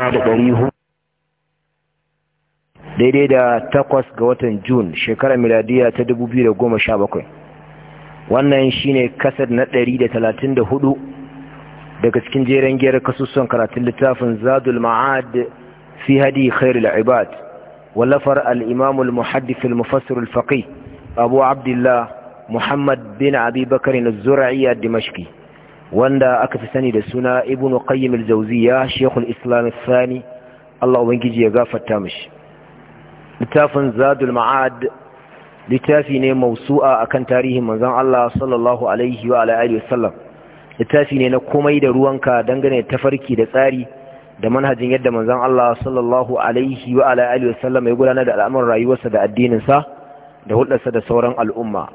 da ɗari daidai da takwas ga watan Jun shekarar miladiya ta da bakwai. wannan shine kasar na ɗari da da hudu daga cikin jeren giyar kasusun karatun littafin zadul ma'ad fi hadi khairul ibad wallafar al-imam al-muhaddith al-mufassir al-faqih abu abdullah muhammad bin abi bakr az-zur'i wanda aka fi sani da suna ibn qayyim al-jawziya shaykhul islam al-thani Allah ubangiji ya gafarta mishi littafin zadul ma'ad littafi ne mausu'a akan tarihin manzon Allah sallallahu alaihi wa alihi wasallam littafi ne na komai da ruwanka dangane da tafarki da tsari da manhajin yadda manzon Allah sallallahu alaihi wa alihi wasallam ya gudanar da al'amuran rayuwarsa da addinin sa da hulɗarsa da sauran al'umma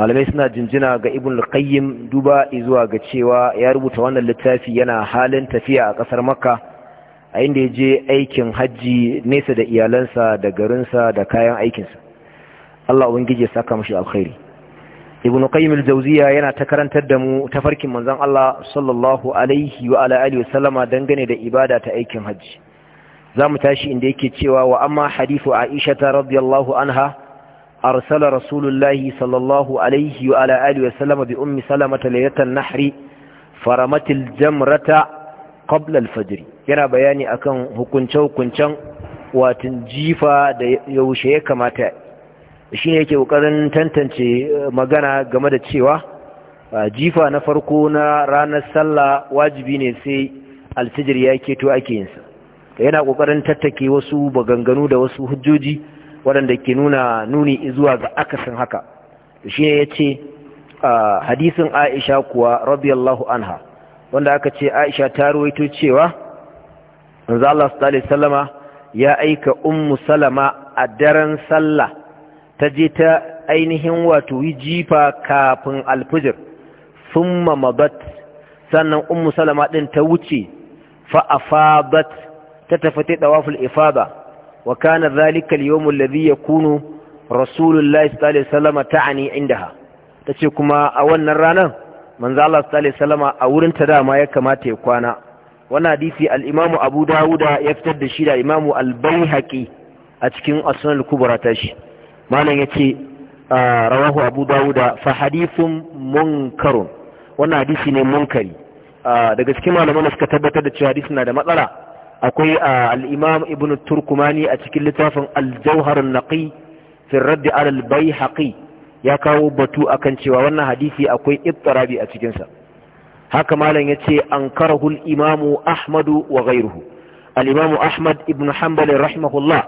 malamai suna jinjina ga ibn al-qayyim duba zuwa ga cewa ya rubuta wannan littafi yana halin tafiya a kasar makka a inda ya je aikin hajji nesa da iyalansa da garinsa da kayan aikinsa Allah ubangiji ya saka mashi alkhairi ibn qayyim al-jawziya yana ta karantar da mu tafarkin manzon Allah sallallahu alaihi wa ala alihi wasallama dangane da ibada ta aikin hajji zamu tashi inda yake cewa wa amma hadithu aisha radiyallahu anha أرسل رسول الله صلى الله عليه وعلى آله وسلم بأم سلمة ليلة النحر فرمت الجمرة قبل الفجر yana bayani akan hukunce-hukuncen watan jifa da yaushe ya kamata yake ƙoƙarin tantance magana game da cewa jifa na farko na ranar sallah wajibi ne sai alfijir ya keto ake yinsa yana ƙoƙarin tattake wasu baganganu da wasu hujjoji waɗanda ke nuna nuni zuwa ga akasin haka shi ne ya ce hadisin aisha kuwa radiyallahu anha wanda aka ce aisha ta ruwaito cewa Allah sallallahu sallama ya aika ummu salama a daren sallah ta je ta ainihin wato yi jifa kafin alfijir summa mabat sannan ummu salama ɗin ta wuce fa afabat ta tafi ta dawaful ifada وكان ذلك اليوم الذي يكون رسول الله صلى الله عليه وسلم تعني indaha tace kuma a wannan ranar ذا الله صلى الله عليه a wurin ta dama ya kamata ya kwana wannan hadisi al Abu Dawuda ya fitar da shi da imamu al-Baihaqi a cikin as-Sunan al-Kubra tashi malam yace ah, rawahu Abu Dawuda ne munkari ah, daga cikin malaman da suka tabbatar da cewa hadisi na da matsala akwai a imam ibn turkumani a cikin littafin al-jawhar an-naqi fi radd ya kawo batu akan cewa wannan hadisi akwai ittirabi a cikinsa haka malam yace ankarahu al-imam amadu wa ghayruhu al ahmad ibn hanbal rahimahullah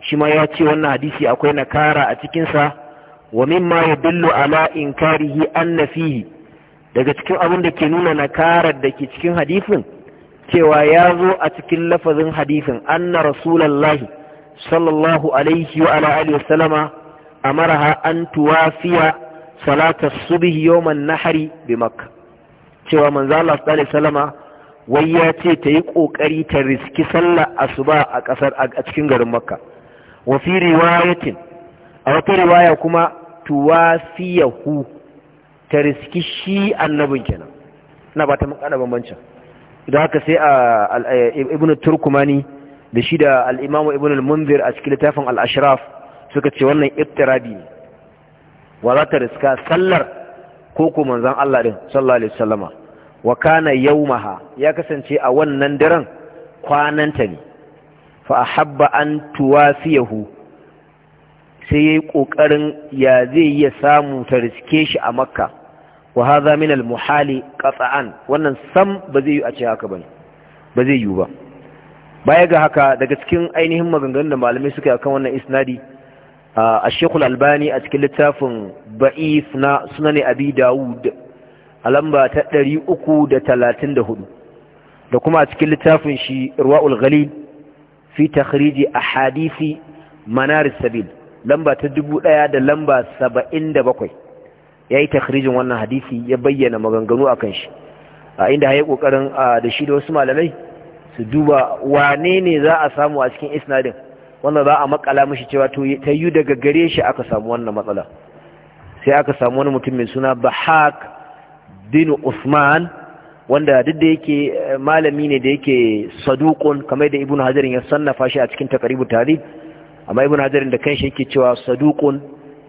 shi ma ya ce wannan hadisi akwai nakara a cikinsa wa mimma yadullu ala inkarihi anna fihi daga cikin abin da ke nuna nakarar da ke cikin hadisin cewa ya zo a cikin lafazin hadisin anna rasulallahi sallallahu alaihi wa ala alihi wasallama amaraha an tuwafiya salatar subih yawman nahari bi makka cewa manzo Allah sallallahu alaihi wasallama wai ya ce ta yi kokari ta riski sallar asuba a kasar a cikin garin makka wa fi riwayatin a wata riwaya kuma tuwafiyahu ta riski shi annabin kenan ina ba ta mun kana bambancin da haka sai eh, ibn turkumani da shi da al'imamu ibn al-munzir a cikin littafin al’ashiraf suka ce wannan iftirabi ne wa za ta riska sallar ko ko manzan Allah din sallallahu alaihi wasallama wa kana yawmaha ya kasance a wannan daren kwananta ne fa ahabba an tuwasiyahu sai yayi kokarin ya zai iya samu ta riske shi a makka wa hadha min al muhali qat'an wannan sam ba zai yi a ce haka bane ba zai yi ba baya ga haka daga cikin ainihin maganganun da malamai suka yi akan wannan isnadi a al albani a cikin littafin ba'if na Sunan abi dawud a lamba ta 334 da kuma a cikin littafin shi ruwa'ul ghalil fi takhriji ahadisi manaris sabil lamba ta 1000 da lamba 77 ya yi takhrijin wannan hadisi ya bayyana maganganu a kan shi a inda haye kokarin da shi da wasu malamai su duba wane ne za a samu a cikin isnadin wanda za a makala mishi cewa to ta yi daga gare shi aka samu wannan matsala sai aka samu wani mutum mai suna bahak bin usman wanda duk da yake eh, malami ne da yake saduqun kamar da ibnu hajarin ya sannafa shi a cikin taqribu tarikh amma ibnu hajarin da kanshi yake cewa saduqun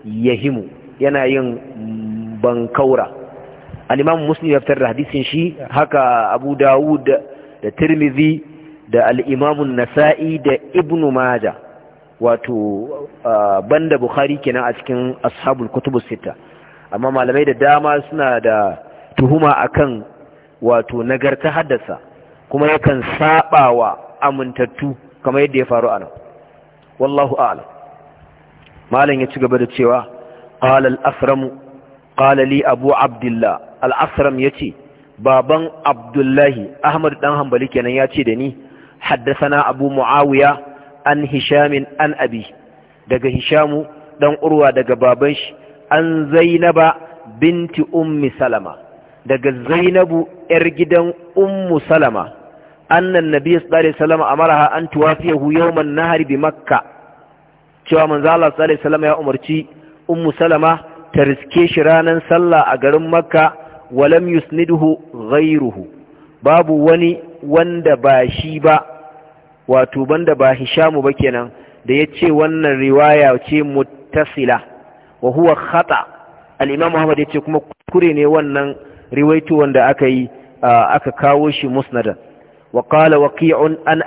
yahimu yana yin ban kaura imam muslim ya fitar da hadisin shi haka abu dawud da tirmidhi da al-imam nasa'i da ibnu maja wato banda bukhari kenan a cikin ashabul kutubus sita amma malamai da dama suna da tuhuma akan wato nagarta haddasa kuma yakan wa amintattu kamar yadda ya faru a nan wallahu a'lam malam ya ci gaba da cewa qala al-aframu qala li abu abdullah al-asram yace baban abdullahi ahmad ɗan hambali kenan ce da ni haddathana abu muawiya an hisham an abi daga hishamu dan urwa daga baban shi an zainaba binti ummi salama daga zainabu yar gidan ummu salama annan nabi sallallahu alaihi wasallam amaraha an tuwafiyahu yawman nahari makka cewa manzo Allah sallallahu alaihi wasallam ya umarci ummu salama ta riske shi ranar sallah a garin makka walam yusniduhu ghairuhu babu wani wanda ba shi ba wato banda ba hishamu ba kenan da ya ce wannan riwaya ce muttasila wa huwa khata al-imam Muhammad ya ce kuma kure ne wannan riwaito wanda aka yi aka kawo shi musnadan wa qala waqi'un an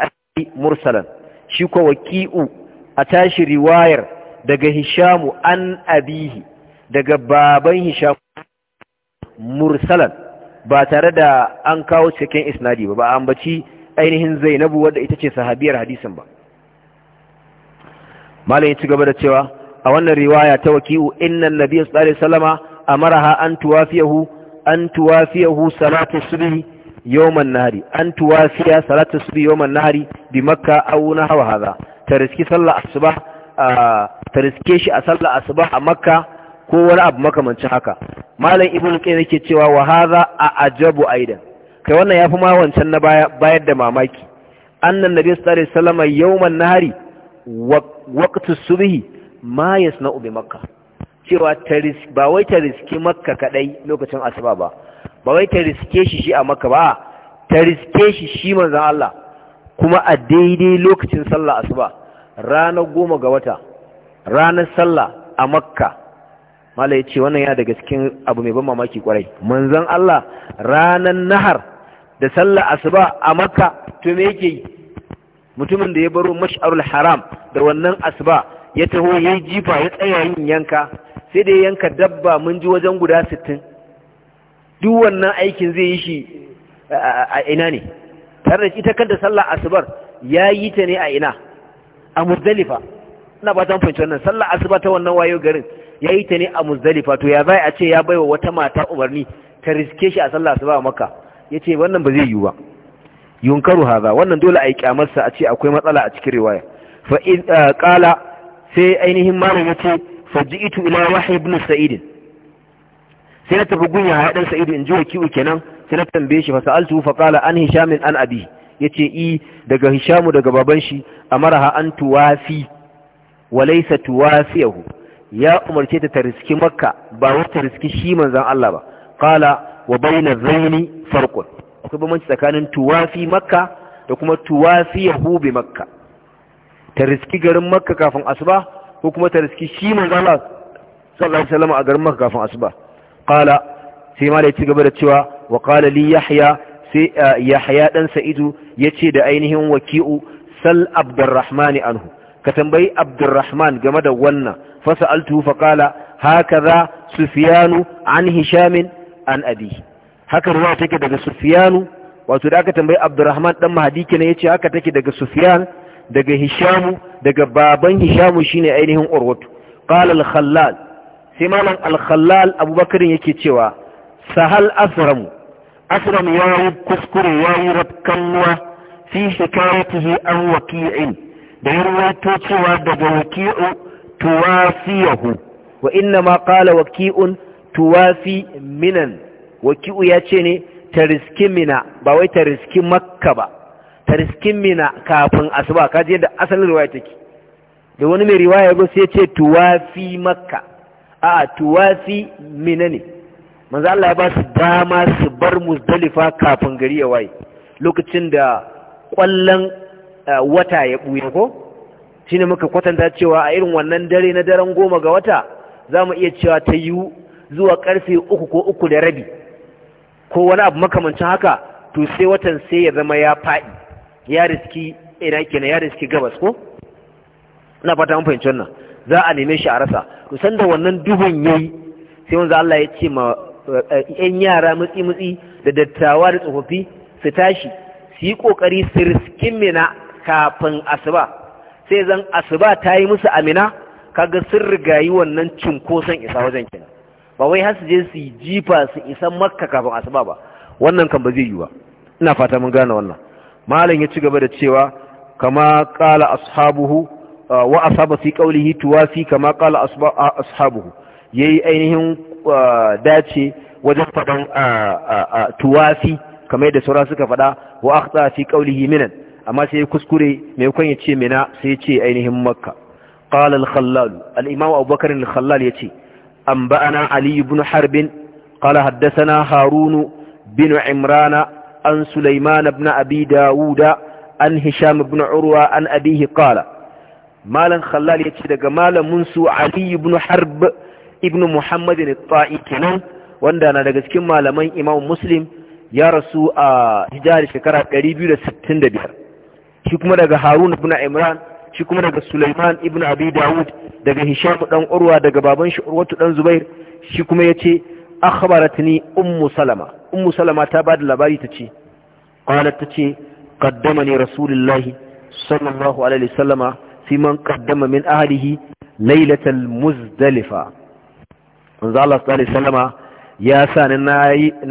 mursalan shi ko waqi'u a tashi riwayar daga hishamu an abihi daga baban hisham mursalan ba tare da an kawo cikin isnadi ba ba an baci ainihin zainabu wadda ita ce sahabiyar hadisin ba malam ya ci gaba da cewa a wannan riwaya ta waki'u innan nabiy sallallahu alaihi wasallama amaraha an tuwafiyahu an tuwafiyahu salatu subhi yawman nahari an tuwafiya salatu subhi yawman nahari bi makka aw nahwa hadha ta ta riske shi a sallah asuba a makka ko wani abu makamancin haka malam ibnu qayyim yake cewa wa hadha ajabu aidan kai wannan yafi ma wancan na baya bayar da mamaki annan nabi sallallahu alaihi wasallam yawman nahari waqtu subhi ma yasna'u bi makkah cewa ba wai ta riske makka kadai lokacin asuba ba ba wai ta riske shi shi a makka ba ta riske shi shi manzon Allah kuma a daidai lokacin sallah asuba ranar goma ga wata ranar sallah a makka mala ya ce wannan yana daga cikin abu mai ban mamaki kwarai manzon Allah ranan nahar da sallar asuba a makka to me yake yi mutumin da ya baro mash'arul haram da wannan asuba ya taho ya yi jifa ya tsaya yin yanka sai da yanka dabba mun ji wajen guda 60 duk wannan aikin zai yi shi a ina ne tare da ita kanta sallar asubar ya yi ta ne a ina a muzdalifa ina ba ta fahimci wannan sallar asuba ta wannan wayo garin ya yi ta ne a muzdalifa to ya bai a ce ya bai wa wata mata umarni ta riske shi a sallah su ba maka ya ce wannan ba zai yi ba yunkaru haza wannan dole a yi kyamarsa a ce akwai matsala a cikin riwaya fa kala eh, sai ainihin malam ya ce fa ji'itu ila wahyi ibn sa'id sai na tafi gunya ya dan sa'id in ji wakiu kenan sai na tambaye shi fa sa'altu fa qala an hisham an abi yace i daga hishamu daga baban shi amaraha an tuwafi wa laysa tuwasiyahu ya umarce ta ta riski makka ba wata riski shi manzan Allah ba kala wa bayna zaini farkon akwai bambanci tsakanin tuwafi makka da kuma tuwafi ya yahubi makka ta riski garin makka kafin asuba ko kuma ta riski shi manzan Allah sallallahu alaihi wasallam a garin makka kafin asuba kala sai ma da ci gaba da cewa wa kala li yahya sai yahya dan sa'idu yace da ainihin waki'u sal abdurrahman anhu ka tambayi abdurrahman game da wannan فسألته فقال هكذا سفيان عن هشام عن أبيه haka ruwa take daga Sufyanu wato da aka tambayi ɗan dan Mahdi kenan yace haka take daga Sufiyan daga Hishamu daga baban Hishamu shine ainihin Urwatu qala al sai malam al-Khallal Abubakar yake cewa sahal asram asram ya yi kuskure ya yi rafkannuwa fi shikayatihi an waqi'in da ya rawaito cewa daga waqi'u tuwafiyahu wa inna ma qala waqi'un tuwafi minan waki'u ya ce ne ta mina ba wai ta makka ba ta mina kafin asuba kaje yadda asalin riwaya take da wani mai riwaya ya sai ce tuwafi makka a tuwafi mina ne manzo Allah ya ba su dama su bar muzdalifa kafin gari ya waye lokacin da kwallon eh, wata ya buya ko Shi ne muka kwatanta cewa a irin wannan dare na daren goma ga wata za mu iya cewa ta yiwu zuwa karfe uku ko uku da rabi ko wani abu makamancin haka to sai watan sai ya zama ya faɗi ya riski ina kenan ya riski gabas ko ina fata mun fahimci wannan za a neme shi a rasa to da wannan duhun yayi sai wanzu Allah ya ce ma eh, eh, yan yara mutsi mutsi da dattawa da tsofaffi su tashi su yi ƙoƙari su riskin mina kafin asuba sai zan asuba ta yi musu amina kaga sun rigayi wannan cinkoson isa wajen kenan ba wai har su je su jifa su isa makka kafin asuba ba wannan kan ba zai yi ba ina fata mun gane wannan malam ya ci gaba da cewa kama qala ashabuhu uh, wa asaba fi qawlihi tuwafi kama qala ashabuhu yayi ainihin uh, dace wajen fadan uh, tuwafi kamar da saura suka fada wa akhta fi qawlihi minan amma sai ya kuskure mai kwan ya ce mina sai ya ce ainihin makka ƙala al-khallal al abubakar al-khallal ya ce ba'ana ali ibn harbin qala haddasana harunu bin imrana an sulaiman ibn abi dawuda an hisham ibn urwa an abihi ƙala malan khallal ya ce daga malamunsu su ali ibn harb ibn muhammadin al-ta'i kenan wanda na daga cikin malaman imam muslim ya rasu a hijar shekara 265 shi kuma daga harun ibn imran shi kuma daga sulaiman ibn abi dawud daga hisham dan urwa daga baban shi urwatu dan zubair shi kuma yace akhbaratni ummu salama ummu salama ta bada labari tace qalat tace qaddamani rasulullahi sallallahu alaihi wasallama fi man qaddama min ahlihi lailatal muzdalifa manzo Allah sallallahu wasallama ya sa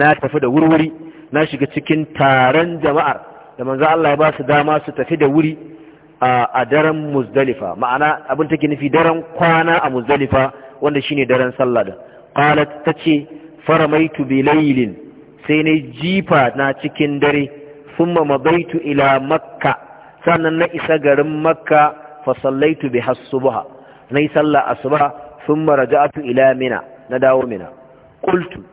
na tafi da wurwuri na shiga cikin taron jama'ar da manzo Allah ya ba su dama su tafi da wuri a daren muzdalifa ma'ana abin take nufi daren kwana a muzdalifa wanda shine daren sallah da qalat tace faramaitu bi laylin sai ne jifa na cikin dare thumma madaitu ila makka sannan na isa garin makka fa sallaitu bi hasubha nayi sallah asuba thumma raja'tu ila mina na dawo mina qultu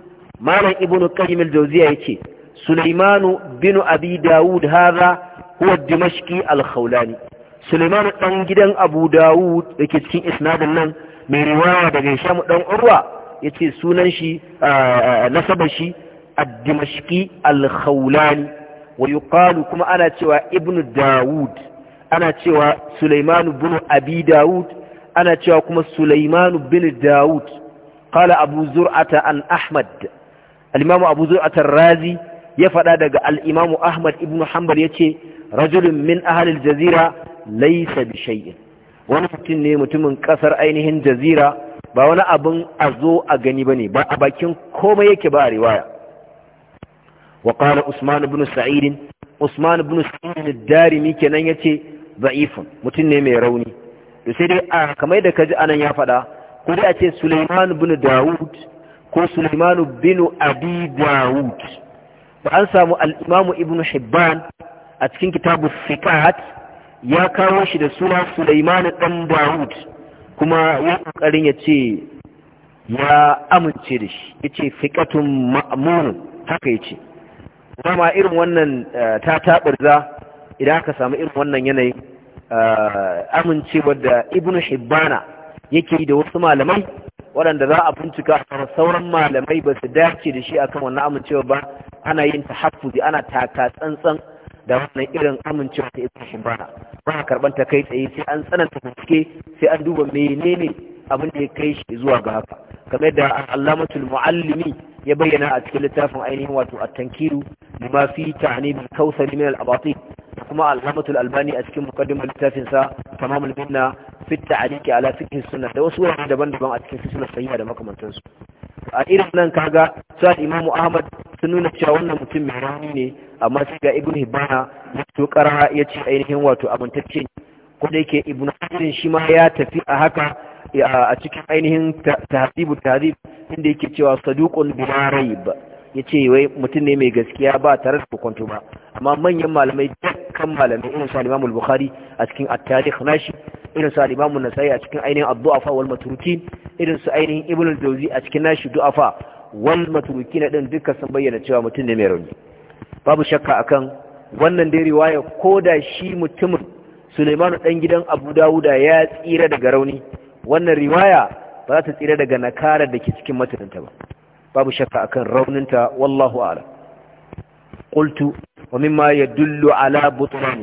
malam ibnu qayyim al-jawziya yace سليمان بن أبي داود هذا هو الدمشقي الخولاني سليمان أنجدا أبو داود يكتكين إسنادا لن من رواية بغيشام دون أروى يتي سننشي نسبشي الدمشقي الخولاني ويقال كما أنا تشوى ابن داود أنا تشوى سليمان بن أبي داود أنا تشوى كما سليمان بن داود قال أبو زرعة عن أحمد الإمام أبو زرعة الرازي ya faɗa daga al'imamu ahmad ibn hanbal ya ce rajulun min ahalil jazira laisa bi shay'in wani mutum ne mutumin ƙasar ainihin jazira ba wani abin a zo a gani ba ne ba a bakin komai yake ba a riwaya wa ƙara usman ibn sa'idin usman ibn sa'idin darimi kenan ya ce za'ifun mutum ne mai rauni da sai dai a kamar da kaji anan ya faɗa ko dai a ce suleiman ibn dawud ko suleiman ibn abi dawud Ba an samu al'imamu imam Ibn Hibban a cikin kitabu fikat ya kawo shi da suna Sulaiman dan Dawud kuma ya kokarin ya ce ya amince da shi yace fiqatun ma'mun haka yace kuma irin wannan eh, ta taburza idan aka samu irin wannan yanayi eh, amincewar da Ibn Hibbana yake da wasu malamai waɗanda za a bincika sauran malamai ba su dace da shi akan wannan amincewa ba ana yin tahaffuzi ana taka tsantsan da wannan irin amincewa ta ibn himrana ba a karban ta kai tsaye sai an tsananta bincike sai an duba menene abin da ya kai shi zuwa ga haka kamar da allamatul muallimi ya bayyana a cikin littafin ainihin wato at-tankiru bima fi ta'nib al-kawthari min al-abatin kuma allamatul albani a cikin muqaddimar littafin sa tamamul binna fi at-ta'liq ala fiqh sunnah da wasu wurare daban-daban a cikin sunan sahiha da makamantansu a irin nan kaga sai imamu ahmad sun nuna cewa wannan mutum mai rauni ne amma sai ga ibn hibana ya to kara ya ce ainihin wato amintacce ne ko da yake ibn hajar shi ma ya tafi a haka a cikin ainihin tahzibu tahzib inda yake cewa saduqun bila raib yace wai mutum ne mai gaskiya ba tare da kwakwanto ba amma manyan malamai dukkan malamai irin su al-Imam al-Bukhari a cikin at-Tarikh nashi irin su al-Imam an-Nasa'i a cikin ainihin ad-Du'afa wal Maturuki irin su ainihin Ibn al-Jawzi a cikin nashi Du'afa wal matrukina din duka sun bayyana cewa mutum ne mai rauni babu shakka akan wannan dai riwaya koda shi mutumin Suleimanu dan gidan Abu Dawuda ya tsira daga rauni wannan riwaya ba za ta tsira daga nakara da ke cikin mataninta ba babu shakka akan rauninta wallahu a'lam qultu wa mimma yadullu ala butlan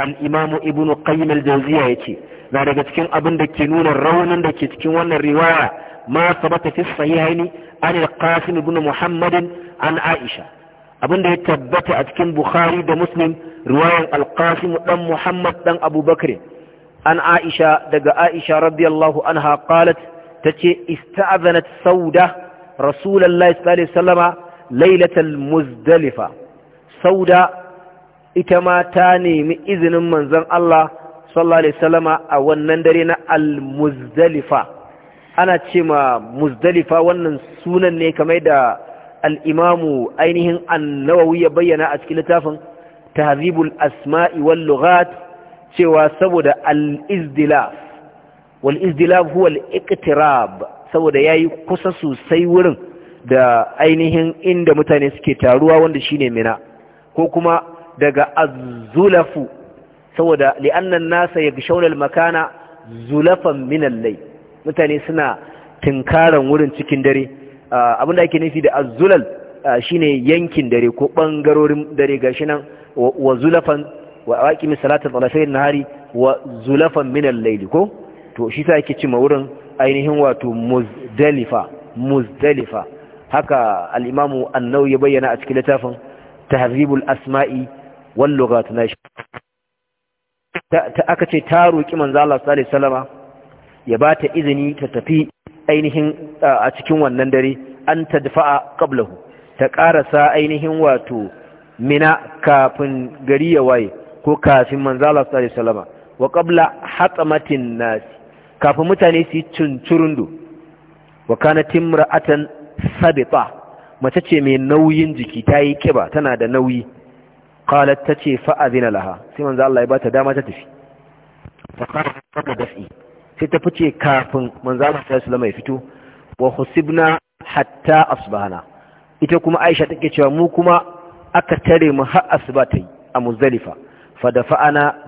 al-imamu ibnu qayyim al-jawziya yace na daga cikin abin da ke nuna raunin da ke cikin wannan riwaya ma sabata fi sahihaini an al-qasim ibn muhammad an aisha abin da ya tabbata a cikin bukhari da muslim riwayan al-qasim dan muhammad dan abubakar an aisha daga aisha radiyallahu anha qalat tace ista'zanat sauda rasulullahi sallallahu alaihi wasallama lailatal muzdalifa sauda ita ma ta nemi izinin manzon Allah sallallahu alaihi wasallama a wannan dare na al-muzdalifa ana ce ma muzdalifa wannan sunan ne kamar da al-imamu ainihin an ya bayyana a cikin littafin tahzibul asma'i wal lughat cewa saboda al-izdilaf wal izdilaf huwa al-iqtirab saboda yayi kusa sosai wurin da ainihin inda mutane suke taruwa wanda shine mina ko kuma daga azzulafu saboda li'annan nasa ya gishaunar makana zulafan minan lai mutane suna tinkaran wurin cikin dare ah, abinda ake nufi da azzulal ah, shine yankin dare ko bangarorin dare gashi nan wa zulafan wa aqimi salatul na nahari wa zulafan minan lai ko to shi sa yake cima wurin ainihin wato muzdalifa muzdalifa haka al-imamu an-nawawi bayyana a cikin littafin tahribul asma'i wal lughat nashi ta aka ce ta roƙi manzo Allah sallallahu alaihi wasallama ya bata izini ta tafi ainihin a cikin wannan dare an tadfa'a qablahu ta karasa ainihin wato mina kafin gari ya waye ko kafin manzo Allah sallallahu alaihi wasallama wa qabla hatamatin nas kafin mutane su yi cincirundu wa kana timra'atan sabita mace ce mai nauyin jiki ta yi kiba tana da nauyi qalat tace fa laha sai manzo Allah ya bata dama ta tafi fa qala qad dafi sai ta fice kafin manzo Allah sallallahu alaihi ya fito wa husibna hatta asbahana ita kuma Aisha take cewa mu kuma aka tare mu har asuba a Muzdalifa fa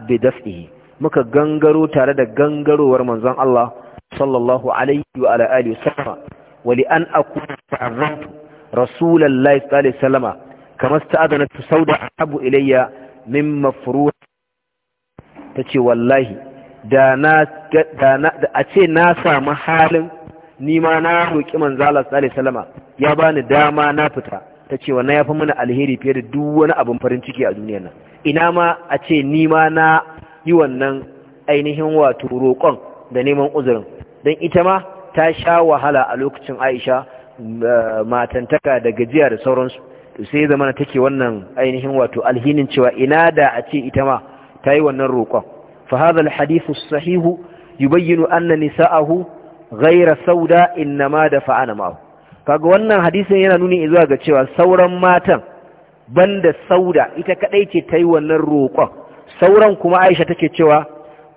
bi daf'ihi muka gangaro tare da gangarowar manzon Allah sallallahu alaihi wa ala alihi wasallam wa li an akuna ta'arrantu sallallahu alaihi kama sta'adanatu sauda abu ilayya min mafruh tace wallahi da na da a ce na samu halin ni ma na roki manzo Allah sallallahu alaihi ya bani dama na fita tace wannan yafi mana alheri fiye da duk wani abin farin ciki a duniyar nan ina ma a ce ni ma na yi wannan ainihin wato roƙon da neman uzurin don ita ma ta sha wahala a lokacin aisha eh, matantaka da gajiya da sauransu to sai zama take wannan ainihin wato alhinin cewa ina da a ce ita ma ta yi wannan roƙon fa hadha sahihu as-sahih yubayyinu anna nisa'ahu ghayra sauda innama da fa'ana kaga wannan hadisin yana nuni zuwa ga cewa sauran matan banda sauda ita kadai ce ta yi wannan roƙon sauran kuma aisha take cewa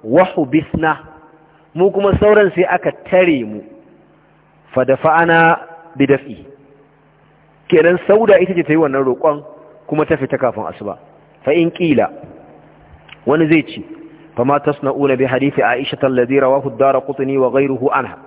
wahubisna mu kuma sauran sai aka tare mu fa da fa'ana bidaf'i kenan sauda ita ce ta yi wannan roƙon kuma ta fita kafin asuba fa in ƙila wani zai ci. fa ma tasna'una bi hadisi aisha alladhi rawahu ad-darqutni wa ghayruhu anha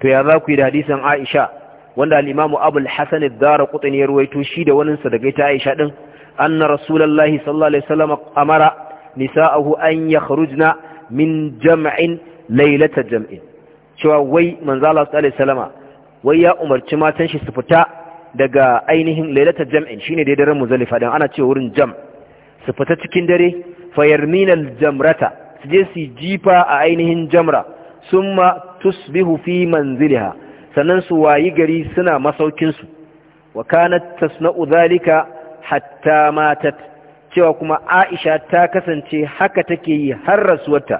to ya za ku yi da hadisin aisha wanda al-imam abu al-hasan ya ruwaito shi da wani sa ta aisha din anna rasulullahi sallallahu alaihi wasallam amara nisa'ahu an yakhrujna min jam'in laylata jam'in cewa wai Manza sallallahu alaihi wasallama wai ya umarci matan shi su fita daga ainihin lailatul jam'in shine dai daren muzalifa dan ana cewa wurin jam su fita cikin dare fayarminal jamrata su je su jifa a ainihin jamra summa tusbihu fi manziliha sannan su wayi gari suna masaukin su wa kanat tasna'u zalika hatta matat cewa kuma Aisha ta kasance haka take yi har rasuwarta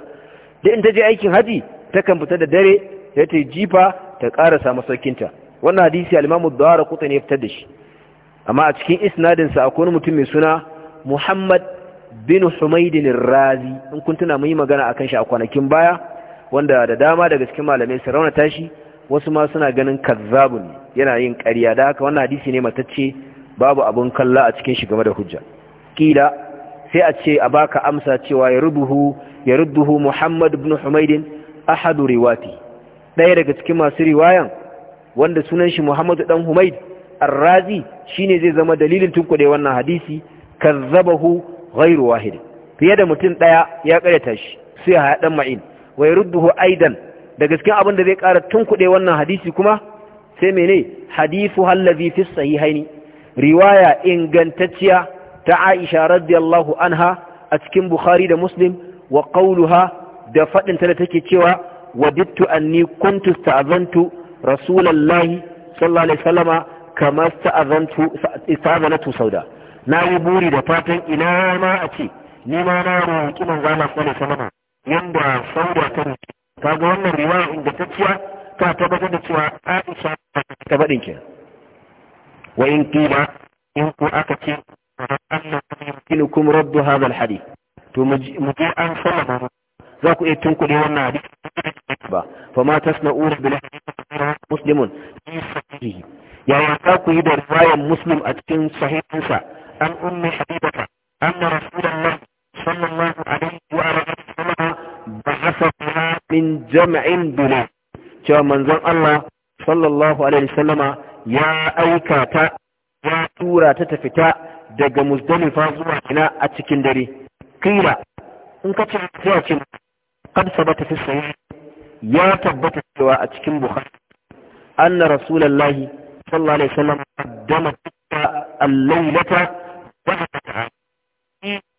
da in ta je aikin haji takan fita da dare ta jifa ta ƙarasa masaukinta wannan hadisi al-imamu dawara kuta ne fitar da shi amma a cikin isnadinsa akwai wani mutum mai suna muhammad bin humaidin razi in kun tuna mun yi magana akan shi a kwanakin baya wanda da dama daga cikin malamai su raunata shi wasu ma suna ganin kazzabun yana yin ƙarya da haka wannan hadisi ne matacce babu abun kalla a cikin shi game da hujja kila sai a ce a baka amsa cewa ya rubuhu ya rubuhu muhammad bin humaidin ahadu riwati ɗaya daga cikin masu riwayan wanda sunan shi Muhammadu dan Humaid Ar-Razi shine zai zama dalilin tunkuɗe wannan hadisi kazzabahu ghairu wahid fiye da mutum daya ya karyata shi sai ya dan ma'in wa yarudduhu aidan da gaskiya abin da zai kara tunkuɗe wannan hadisi kuma sai mene hadithu allazi fi sahihaini riwaya ingantacciya ta Aisha radiyallahu anha a cikin Bukhari da Muslim wa qauluha da fadin ta da take cewa wadittu anni kuntu azantu. rasulallahi sallallahu alaihi sauda na yi buri da fatan ina ma a ce ni ma na roƙi manzo Allah sallallahu alaihi wasallama yanda sauda ta roƙi kaga wannan riwaya ingantacciya ta tabbatar da cewa Aisha ta badin ke wa in qila in ku aka ce annahu yumkinukum to mu je an za ku iya tunkuɗe wannan hadisi ba fa ma tasna'una bil muslimun yaya za ku yi da riwayar muslim a cikin sahihinsa an ummi habibata anna rasulullah sallallahu alaihi wa sallam ba'atha min jam'in bilal cewa manzon Allah sallallahu alaihi wasallama ya aika ta ya tura ta ta fita daga muzdalifa zuwa ina a cikin dare kila in ka ce sai a ce ba ta fi sahih ya tabbata cewa a cikin bukhari anna rasulullahi sallallahu alaihi wasallam qaddama al-laylata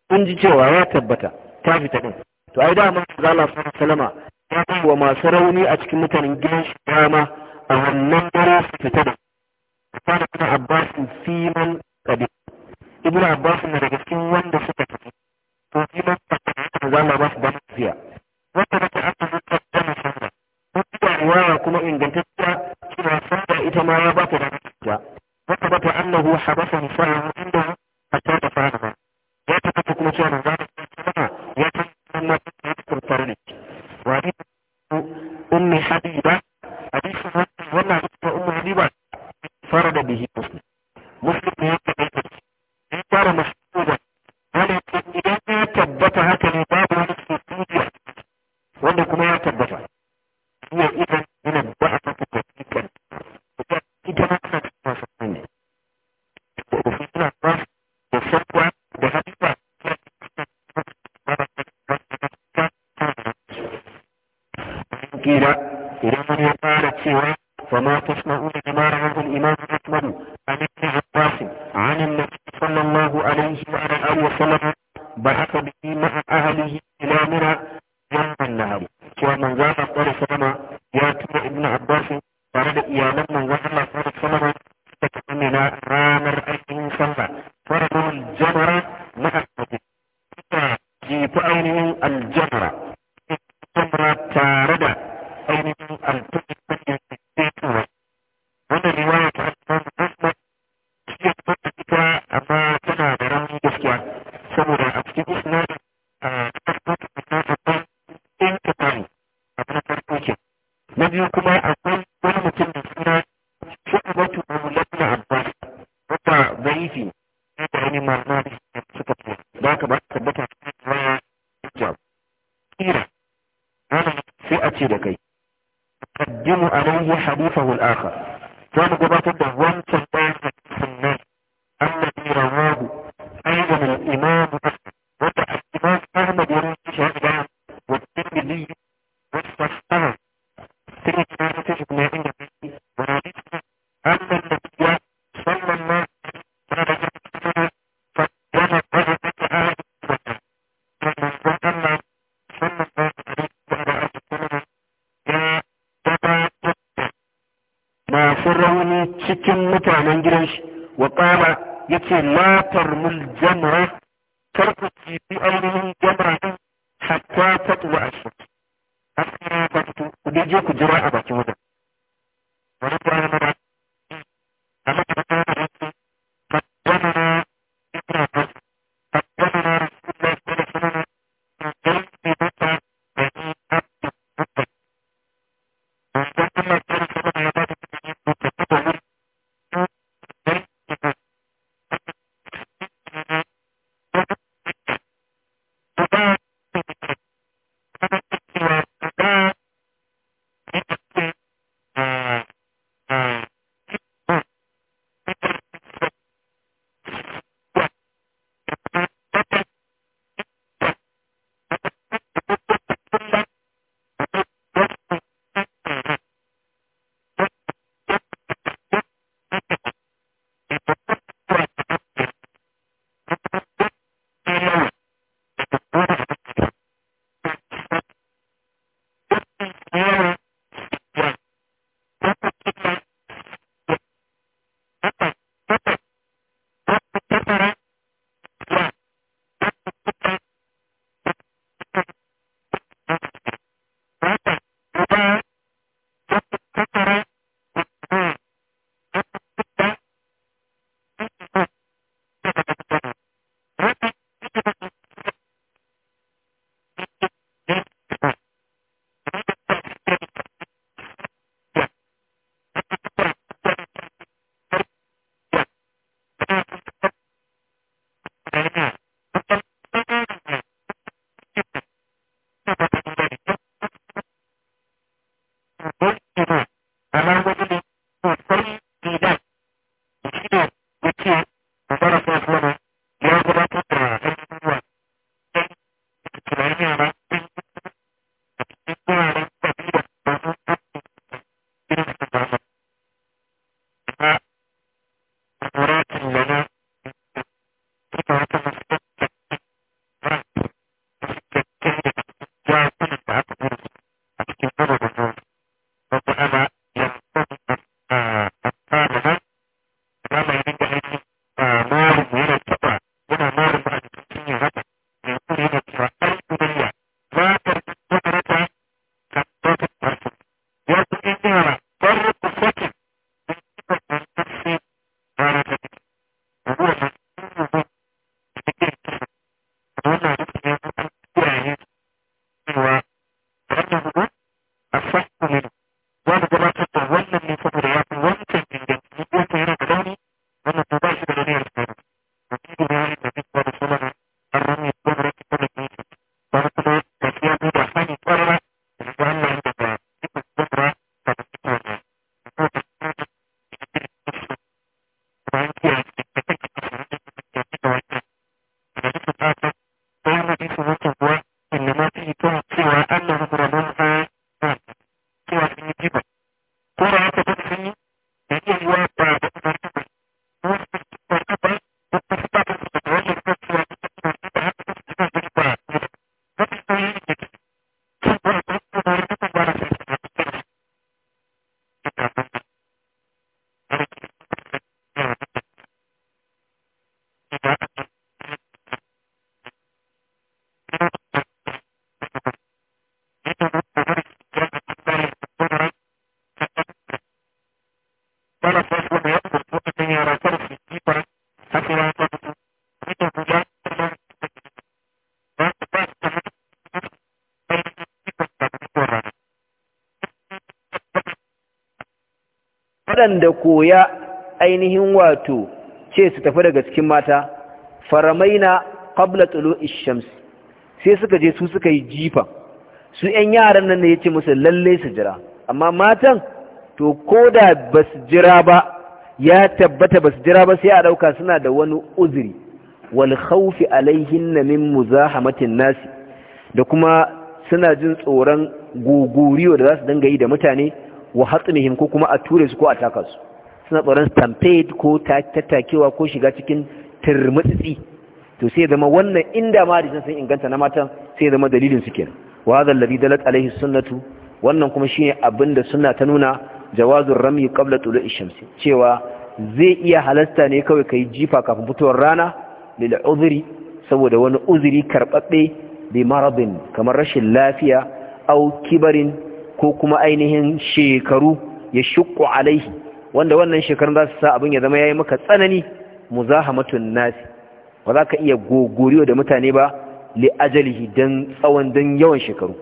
kun ji cewa ya tabbata ta fita din to ai dama manzo Allah sallallahu ya yi wa masu rauni a cikin mutanen gidan shi dama a wannan dare su fita da kana Abbas fi man qadim Abbas na daga cikin wanda suka wani cikin mutanen gidan shi wa kama ya ce latar mul jamra karku ci bi ainihin jamra din hatta fatuwa a shi hatta fatuwa ku da je ku jira a bakin wajen wani kwanan mara amma a waɗanda koya ainihin wato ce su tafi daga cikin mata faramaina qabla tulu'i shams sai suka je su suka yi jifa su yan yaran nan ne yace musu lalle su jira amma matan to koda su jira ba ya tabbata basu jira ba sai a ɗauka suna da wani uzuri wal khawfi alaihinna min muzahamatin nasi da kuma suna jin tsoron gogoriyo da za su dinga yi da mutane wa hatsinihim ko kuma a ture su ko a taka su suna tsoron stampede ko tattakewa ko shiga cikin turmutsi to sai zama wannan inda ma hadisin sun inganta na matan sai zama dalilin su kenan wa hadha alladhi dalat alaihi sunnatu wannan kuma shine abinda sunna ta nuna jawazur rami qabla tulu'i shamsi cewa zai iya halasta ne kawai kai jifa kafin fitowar rana lil uzri saboda wani uzuri karbabbe bi maradin kamar rashin lafiya au kibarin ko kuma ainihin shekaru ya shuku alaihi wanda wannan shekarun za su sa abin ya zama ya yi maka tsanani muzahamatun nasi ba za ka iya gogoriyo da mutane ba li ajalihi dan tsawon don yawan shekaru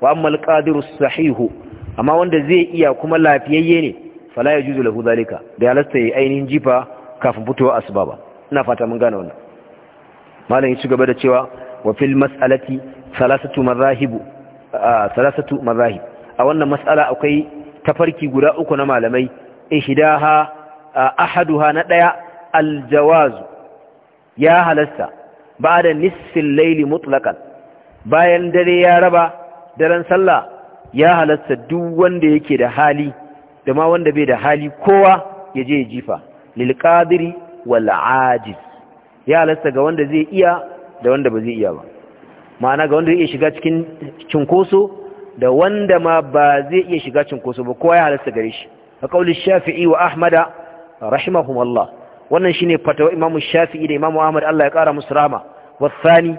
wa amma alqadiru sahihu amma wanda zai iya kuma lafiyayye ne fala juzu lahu zalika da ya yayi ainihin jifa kafin fitowa asuba ba ina fata mun gane wannan malam ya gaba da cewa wa fil mas'alati salasatu madhahib salasatu a wannan matsala akwai tafarki guda uku na malamai ihdaha ahaduha na daya aljawazu ya halasta ba'da nisfil layli mutlaqan bayan dare ya raba daren sallah ya halasta duk wanda yake da hali da ma wanda bai da hali kowa yaje ya jifa lil qadiri wal ajiz ya halasta ga wanda zai iya da wanda ba zai iya ba ma'ana ga wanda zai shiga cikin cinkoso da wanda ma ba zai iya shiga cinkoso ba kowa ya halasta gare shi a kaulin shafi'i wa ahmada rahimahumullah wannan shine fatawa imamu shafi'i da imamu ahmad Allah ya kara musu rahama wasani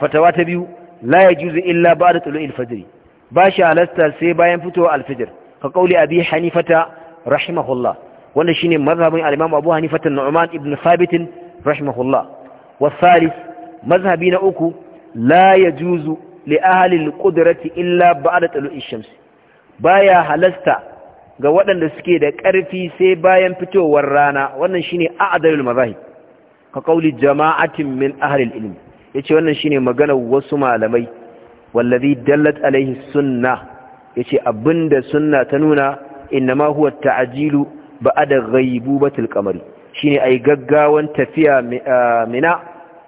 fatawa ta biyu la yajuzu illa ba'da tulu'il fajr ba shi halasta sai bayan fitowa alfijir ka kauli abi hanifata rahimahullah wannan shine mazhabin al-imam abu hanifata nu'man ibn thabit rahimahullah wasalis mazhabi na uku la yajuzu li ahalil qudrati illa ba'da tulu'i shams baya halasta ga waɗanda suke da ƙarfi sai bayan fitowar rana wannan shine a'dalul mazahib ka kauli jama'atin min ahlil ilm yace wannan shine maganar wasu malamai wallazi dallat alaihi sunnah yace abinda sunna ta nuna ma huwa ta'jilu ba'da ghaibubatil qamari shine ai gaggawan tafiya ah, mina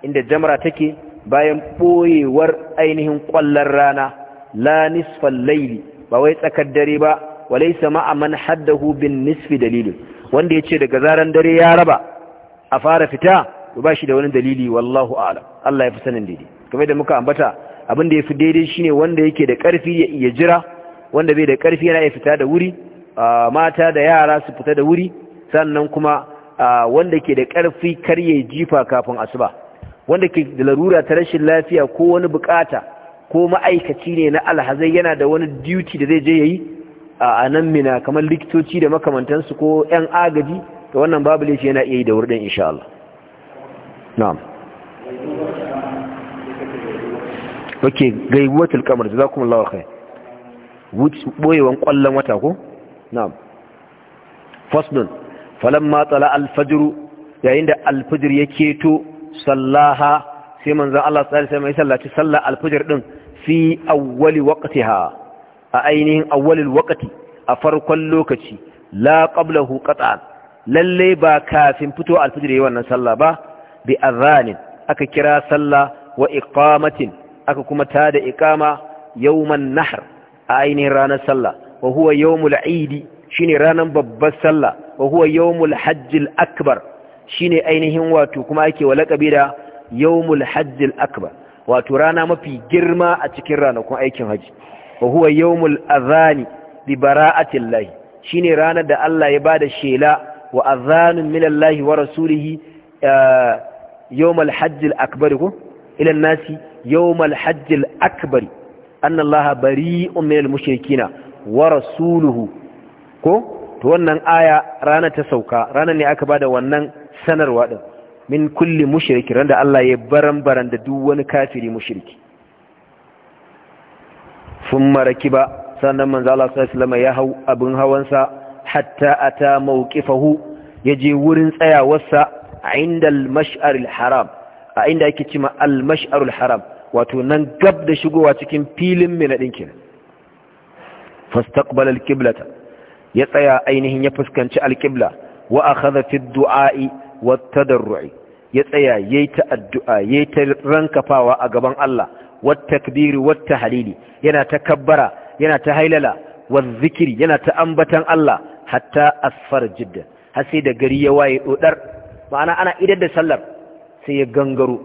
inda jamara take bayan ɓoyewar ainihin ƙwallon rana la nisfal laili ba wai tsakar dare ba walai sama a man haddahu bin nisfi dalilin wanda ya ce daga zaren dare ya raba a fara fita ba shi da wani dalili wallahu alam Allah ya fi sanin daidai kamar da muka ambata abin da ya fi daidai shine wanda yake da ƙarfi ya jira wanda bai da ƙarfi yana ya fita da wuri mata da yara su fita da wuri sannan kuma wanda ke da ƙarfi kar ya jifa kafin asuba wanda ke da larura ta rashin lafiya ko wani bukata ko ma'aikaci ne na alhazai yana da wani duty da zai je yayi a nan mina kamar likitoci da makamantansu ko 'yan agaji da wannan babu laifi yana iya yi da wurin insha Allah na'am Oke gaibuwatul qamar jazakumullahu khair wuce boyewan kwallon wata ko na'am Fasdun, falamma tala al yayin da al yake to sallaha sai manzon Allah sallallahu alaihi wasallam ya sallaci sallar alfajr din fi awwali waqtiha a ainihin awwalil waqti a farkon lokaci la qablahu qat'an lalle ba kafin fito alfajr yayin wannan sallah ba bi adhanin aka kira sallah wa iqamatin aka kuma tada iqama yawman nahr a ainihin ranar sallah wa huwa yawmul eid shine ranar babbar sallah wa huwa yawmul hajjil akbar shine ainihin wato kuma ake walakabi da yawmul hajjil akbar wato rana mafi girma a cikin ranakun aikin haji wa huwa yawmul adhani bi Shi shine ranar da Allah ya ba da shela wa adhanun minallahi wa rasulihi eh, yawmul hajjil akbar ko ila nasi yawmul hajjil akbar anna Allah bari'un minal mushrikina wa rasuluhu ko to wannan aya rana ta sauka ranar ne aka bada wannan sanarwa din min kulli mushriki randa Allah ya baran-baran da duk wani kafiri mushriki thumma rakiba sannan manzo Allah sallallahu alaihi ya hau abin hawansa hatta ata mawqifahu yaje wurin tsayawarsa inda al-mash'ar al-haram a inda yake cima al-mash'ar al-haram wato nan gab da shigowa cikin filin mina dinkin fastaqbala al-qiblata ya tsaya ainihin ya fuskanci al-qibla wa akhadha fi ad-du'a'i wattadarru'i ya tsaya yayi ta addu'a yi ta rankafawa a gaban Allah Wata halili yana ta kabbara yana ta hailala zikiri yana ta ambatan Allah hatta asfar jidda har sai da gari ya waye dodar ma'ana ana idar da sallar sai ya gangaro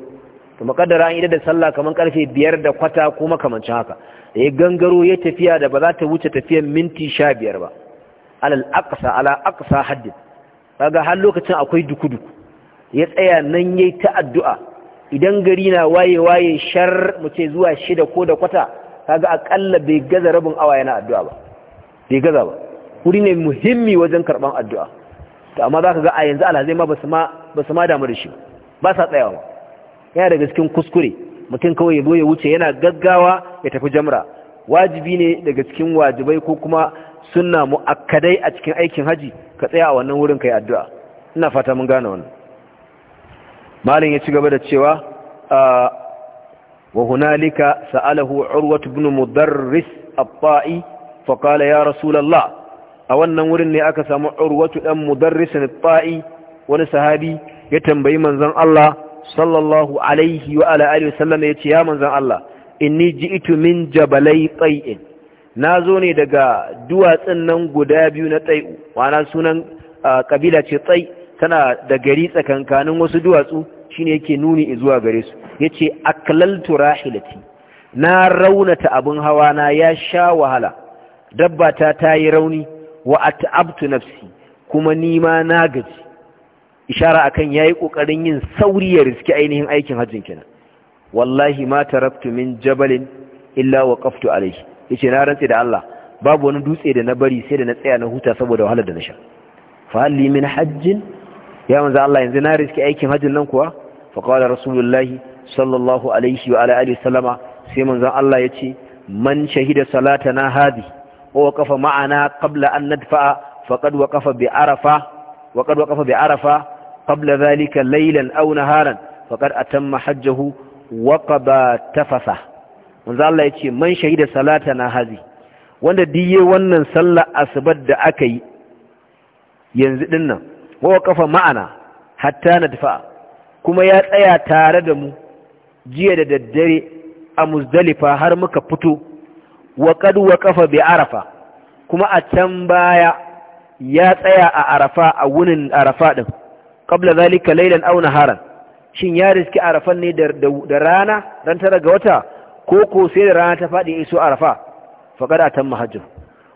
to makaddara an idar da sallah Kamar karfe biyar da kwata ko makamancin haka da ya gangaro ya tafiya da ba za ta wuce tafiyan minti sha biyar ba alal aqsa ala aqsa haddin kaga har lokacin akwai duku-duku ya tsaya nan yayi ta addu'a idan gari na waye-waye shar mu zuwa shida ko da kwata kaga akalla bai gaza rabin awa yana addu'a ba bai gaza ba wuri ne muhimmi wajen karɓan addu'a to amma za ka ga a yanzu alhazai ma ba ma ma damu da shi ba sa tsayawa yana daga cikin kuskure mutum kawai ya zo ya wuce yana gaggawa ya tafi jamra wajibi ne daga cikin wajibai ko kuma sunna mu'akkadai a cikin aikin haji ka tsaya a wannan wurin kai addu'a ina fata mun gane wannan malin ya ci gaba da cewa wa hunalika sa'alahu urwat ibn mudarris at-ta'i fa qala ya rasulullah a wannan wurin ne aka samu urwatu dan mudarris at-ta'i wani sahabi ya tambayi manzon Allah sallallahu alaihi wa ala alihi wasallam ya ce ya manzon Allah inni ji'tu min jabalai tai'in na zo ne daga duwatsun nan guda biyu na tsai'u ma'ana sunan kabila ce tsai tana da gari tsakankanin wasu duwatsu shine yake nuni zuwa gare su yace aklaltu rahilati na raunata abin hawa na ya sha wahala dabba ta yi rauni wa at'abtu nafsi kuma nima na gaji ishara akan yayi kokarin yin sauri ya riski ainihin aikin hajjin kenan wallahi ma taraktu min jabalin illa wa waqaftu alayhi yace na rantse da Allah babu wani dutse da na bari sai da na tsaya na huta saboda wahalar da na sha fa li min hajjin ya manzo Allah yanzu na riski aikin hajjin nan kuwa fa qala rasulullahi sallallahu alaihi wa ala alihi sallama sai manzo Allah yace man shahida salatana hadi wa waqafa ma'ana qabla an nadfa faqad waqafa bi arafa waqad waqafa bi arafa qabla dhalika laylan aw naharan faqad atamma hajjahu wa tafasa manzo Allah ya ce man shahida salata na hazi wanda diye wannan sallar asubar da aka yi yanzu dinnan wa kafa ma'ana hatta nadfa kuma ya tsaya tare da mu jiya da daddare a muzdalifa har muka fito wa qad waqafa bi arafa kuma a can baya ya tsaya a arafa a wunin arafa din qabla zalika laylan aw naharan shin ya riski arafan ne da rana dan tara ga wata ko ko sai da rana ta faɗi iso arafa Faƙar a tamma hajjin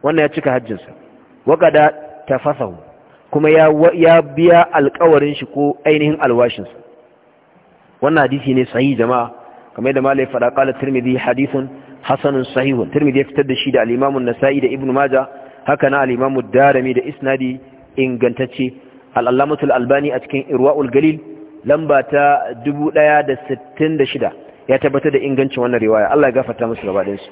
wannan ya cika hajjinsa waƙada ta fasahu kuma ya biya alƙawarin shi ko ainihin alwashinsa wannan hadisi ne sahi jama'a kamar yadda malai faɗa ƙalar tirmidhi hadisun hasanun sahihun tirmidhi ya fitar da shi da alimamun nasa'i da ibn maja haka na alimamun darami da isnadi ingantacce al'allamatul albani a cikin irwa'ul galil lamba ta shida. ya tabbatar da ingancin wannan riwaya Allah ya gafarta musu gaba ɗinsu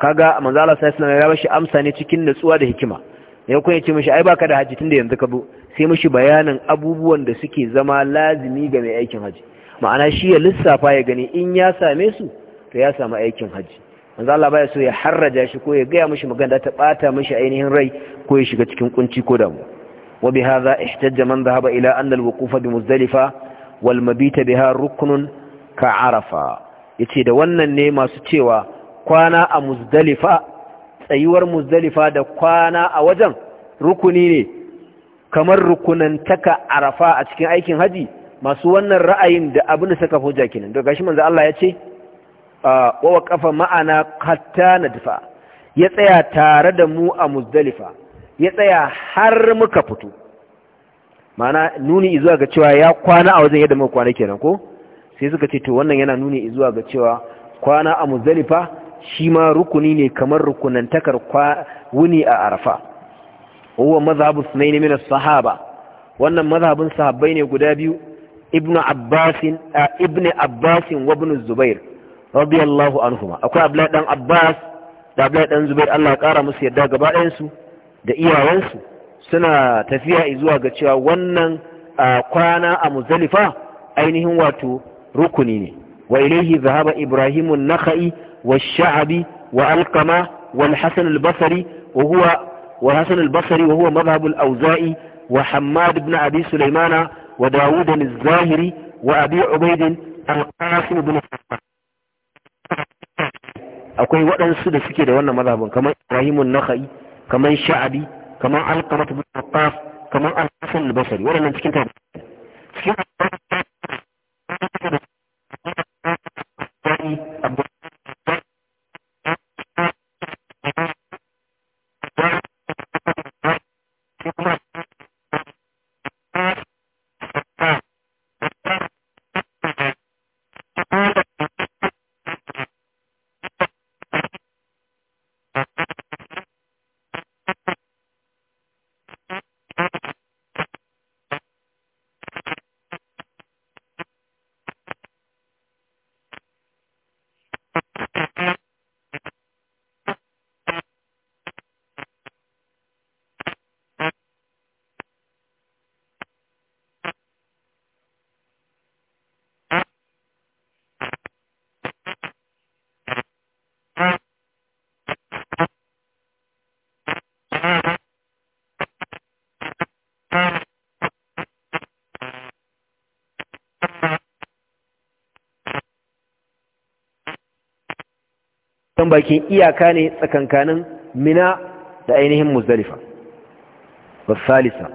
kaga manzo Allah sallallahu alaihi wasallam ya bashi amsa ne cikin nutsuwa da hikima ya kun yace mishi ai baka da haji tunda yanzu ka bu sai mishi bayanin abubuwan da suke zama lazimi ga mai aikin haji ma'ana shi ya lissafa ya gani in ya same su to ya samu aikin haji manzo Allah baya so ya harraja shi ko ya gaya mishi magana ta bata mishi ainihin rai ko ya shiga cikin kunci ko damu wa bihadha ihtajja man dhahaba ila anna al-wuquf bi muzdalifa wal mabita biha rukunin. ka arafa yace da wannan ne masu cewa kwana a muzdalifa tsayuwar muzdalifa da kwana a wajen rukuni ne kamar rukunan rukunantaka arafa a cikin aikin haji masu wannan ra'ayin da abin da suka hujja kenan to gashi manzo Allah ya ce wa waqafa ma'ana hatta nadfa ya tsaya tare da mu a muzdalifa ya tsaya har muka fito mana nuni zuwa ga cewa ya kwana a wajen yadda muka kwana kenan ko sai suka ce to wannan yana nuni zuwa ga cewa kwana a muzdalifa shi ma rukuni ne kamar rukunantakar wuni a arafa huwa mazhabu sunaini min sahaba wannan mazhabin sahabbai ne guda biyu ibnu abbasin ibnu abbasin wa ibnu zubair radiyallahu anhuma akwai abdullahi dan abbas da abdullahi dan zubair Allah ya kara musu yadda gaba ɗayan su da su suna tafiya zuwa ga cewa wannan kwana a muzalifa ainihin wato rukuni ne wa ilaihi zahaba ibrahim an-nakhai wa sha'abi wa alqama wal hasan al-basri wa huwa wa hasan al-basri wa huwa madhhab al-awza'i wa hammad ibn abi sulaymana wa daud al-zahiri wa abi ubayd al-qasim ibn akwai waɗansu da suke da wannan mazhabin kamar Ibrahim an-Nakhai kamar Sha'abi kamar Al-Qamat ibn Qaf kamar Al-Hasan al waɗannan cikin ta cikin daɗi bakin iyaka ne tsakankanin mina da ainihin muzdalifa salisa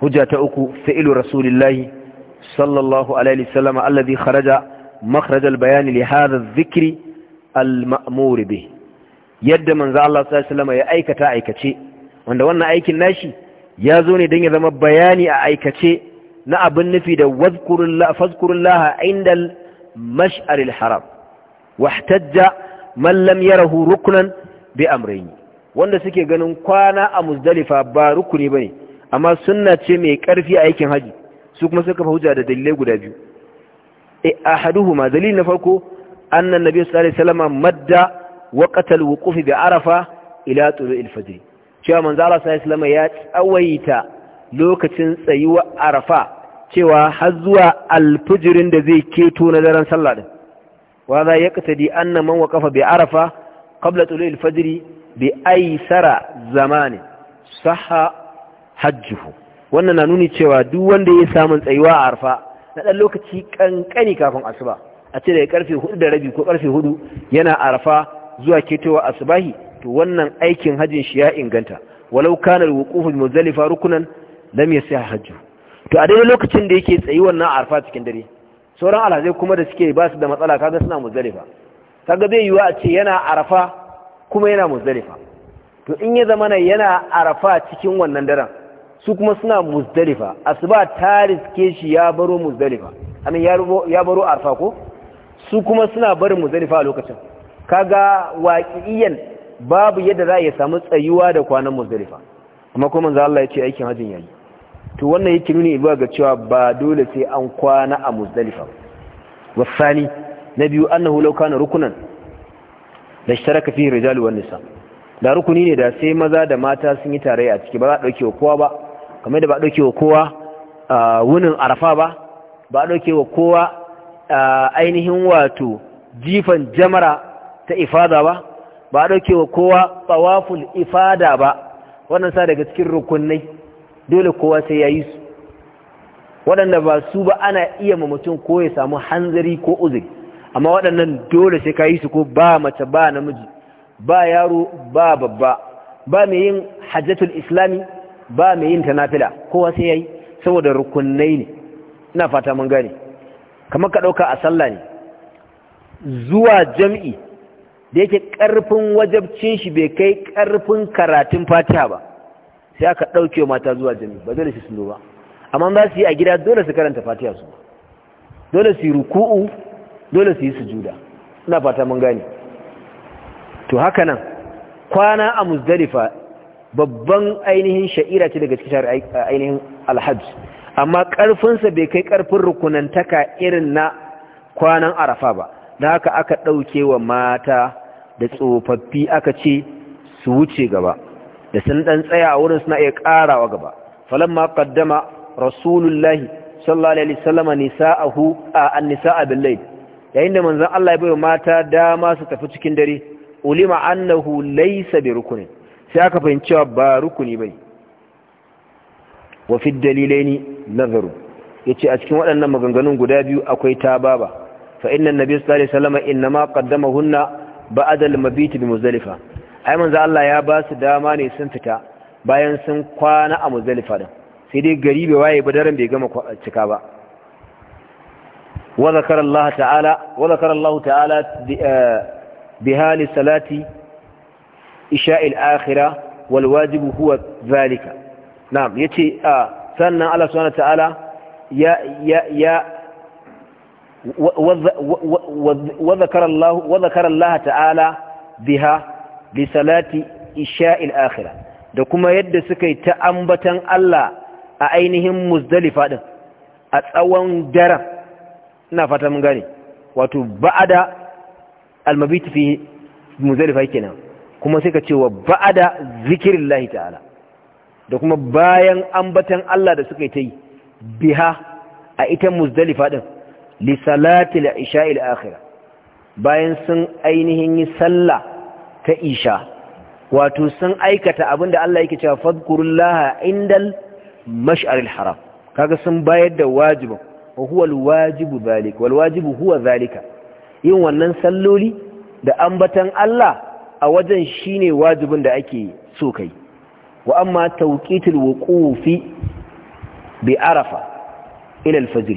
hujja ta uku fa'ilu rasulillahi sallallahu alaihi wasallam alladhi kharaja makhraj albayan li hadha zikiri dhikri al-ma'mur yadda manzo Allah sallallahu alaihi ya aikata aikace wanda wannan aikin nashi ya zo ne don ya zama bayani a aikace na abin nufi da fazkurullaha inda mash'aril haram wahtajja man lam yarahu ruknan bi amrayni wanda suke ganin kwana a muzdalifa ba rukuni ba ne. amma sunna ce mai ƙarfi a aikin haji su kuma suka fa hujja da dalilai guda biyu e ma dalil na farko annan nabi sallallahu alaihi wasallam madda waqta alwuquf bi arafa ila tulu'il fajr cewa manzo Allah sallallahu alaihi ya tsawaita lokacin tsayuwa arafa cewa har zuwa alfujirin da zai keto na daren sallah din وهذا يقتدي أن من وقف بعرفة قبل طلوع الفجر بأيسر زمان صح حجه wannan na nuni cewa duk wanda ya yi samun tsayuwa a arfa na ɗan lokaci kankani kafin asuba a ce daga karfe hudu da rabi ko karfe hudu yana arafa zuwa ketowa asubahi to wannan aikin hajjin shi ya inganta walau kana alwuqufu muzdalifa rukunan lam yasih hajju to a daidai lokacin da yake tsayi a arfa cikin dare sauran alhazai kuma da suke ba su da matsala kaga suna muzdalifa kaga zai yiwa a ce yana arafa kuma yana muzdalifa to in ya zama yana arafa cikin wannan daren su kuma suna muzdalifa asuba ta riske shi ya baro muzdalifa amin ya baro arafa ko su kuma suna barin muzdalifa a lokacin kaga waqiyan babu yadda za ya samu tsayuwa da kwanan muzdalifa amma kuma manzo Allah ya ce aikin hajin yayi to wannan yake nuni ba ga cewa ba dole sai an kwana a muzdalifa wasani na biyu annahu law kana rukunan da shtaraka fi rijalu wan nisa da rukuni ne da sai maza da mata sun yi tare a ciki ba za a dauke wa kowa ba kamar da ba a dauke wa kowa wunin arafa ba ba a dauke wa kowa ainihin wato jifan jamara ta ifada ba ba a dauke wa kowa tsawaful ifada ba wannan sa daga cikin rukunai dole kowa sai yayi su waɗanda ba su ba ana iya ma mutum ko ya samu hanzari ko uzuri amma waɗannan dole sai ka yi su ko ba mace ba namiji ba yaro ba babba ba mai yin hajjatul islami ba mai yin tanafila kowa sai yayi saboda rukunai ne ina fata mun gane kamar ka ɗauka a sallah ne zuwa jam'i da yake ƙarfin wajabcin shi bai kai ƙarfin karatun fatiha ba sai aka ɗauke mata zuwa jami ba dole su suno ba amma ba su yi a gida dole su karanta fatiha su dole su yi ruku'u dole su yi sujuda ina fata mun gane to haka nan kwana a muzdalifa babban ainihin sha'ira ce daga cikin ainihin alhaj amma ƙarfinsa bai kai ƙarfin rukunantaka irin na kwanan arafa ba da haka aka ɗauke wa mata da tsofaffi aka ce su wuce gaba da sun dan tsaya a wurin suna iya ƙarawa gaba falamma qaddama rasulullahi sallallahu alaihi wasallam nisa'ahu a an-nisa'a bil-layl yayin da manzon Allah ya bai mata dama su tafi cikin dare ulima annahu laysa bi rukunin sai aka fahimci ba rukuni bai wa fi dalilaini nazaru yace a cikin waɗannan maganganun guda biyu akwai tababa fa inna nabiy sallallahu alaihi wasallam innama qaddamahunna ba'da al-mabit bi muzdalifa ai manzo Allah ya ba su dama ne sun fita bayan sun kwana a Muzdalifa din sai dai gari bai waye ba daren bai gama cika ba wa zakara Allah ta'ala wa zakara Allah ta'ala bi eh, hali salati isha'il akhira wal wajibu huwa zalika na'am yace sannan Allah subhanahu ta'ala ya ya ya wa zakara Allah wa zakara Allah ta'ala biha li salati isha'il akhirah da kuma yadda suka yi ta ambatan Allah a ainihin muzdalifa din a tsawon daren ina fata mun gane wato ba'ada almabit fi muzdalifa kenan kuma suka cewa ba'ada zikrillahi ta'ala da kuma bayan ambatan Allah da suka yi ta yi biha a ita muzdalifa din li salati ishail akhirah bayan sun ainihin yi sallah ta isha wato sun aikata abin da Allah yake cewa fadkurullaha indal mash'aril haram kaga sun bayar da wajibin wa huwa alwajibu zalika wal huwa zalika yin wannan salloli da ambatan Allah a wajen shine wajibin da ake so kai wa amma tawqitul wuqufi bi arafa ila alfajr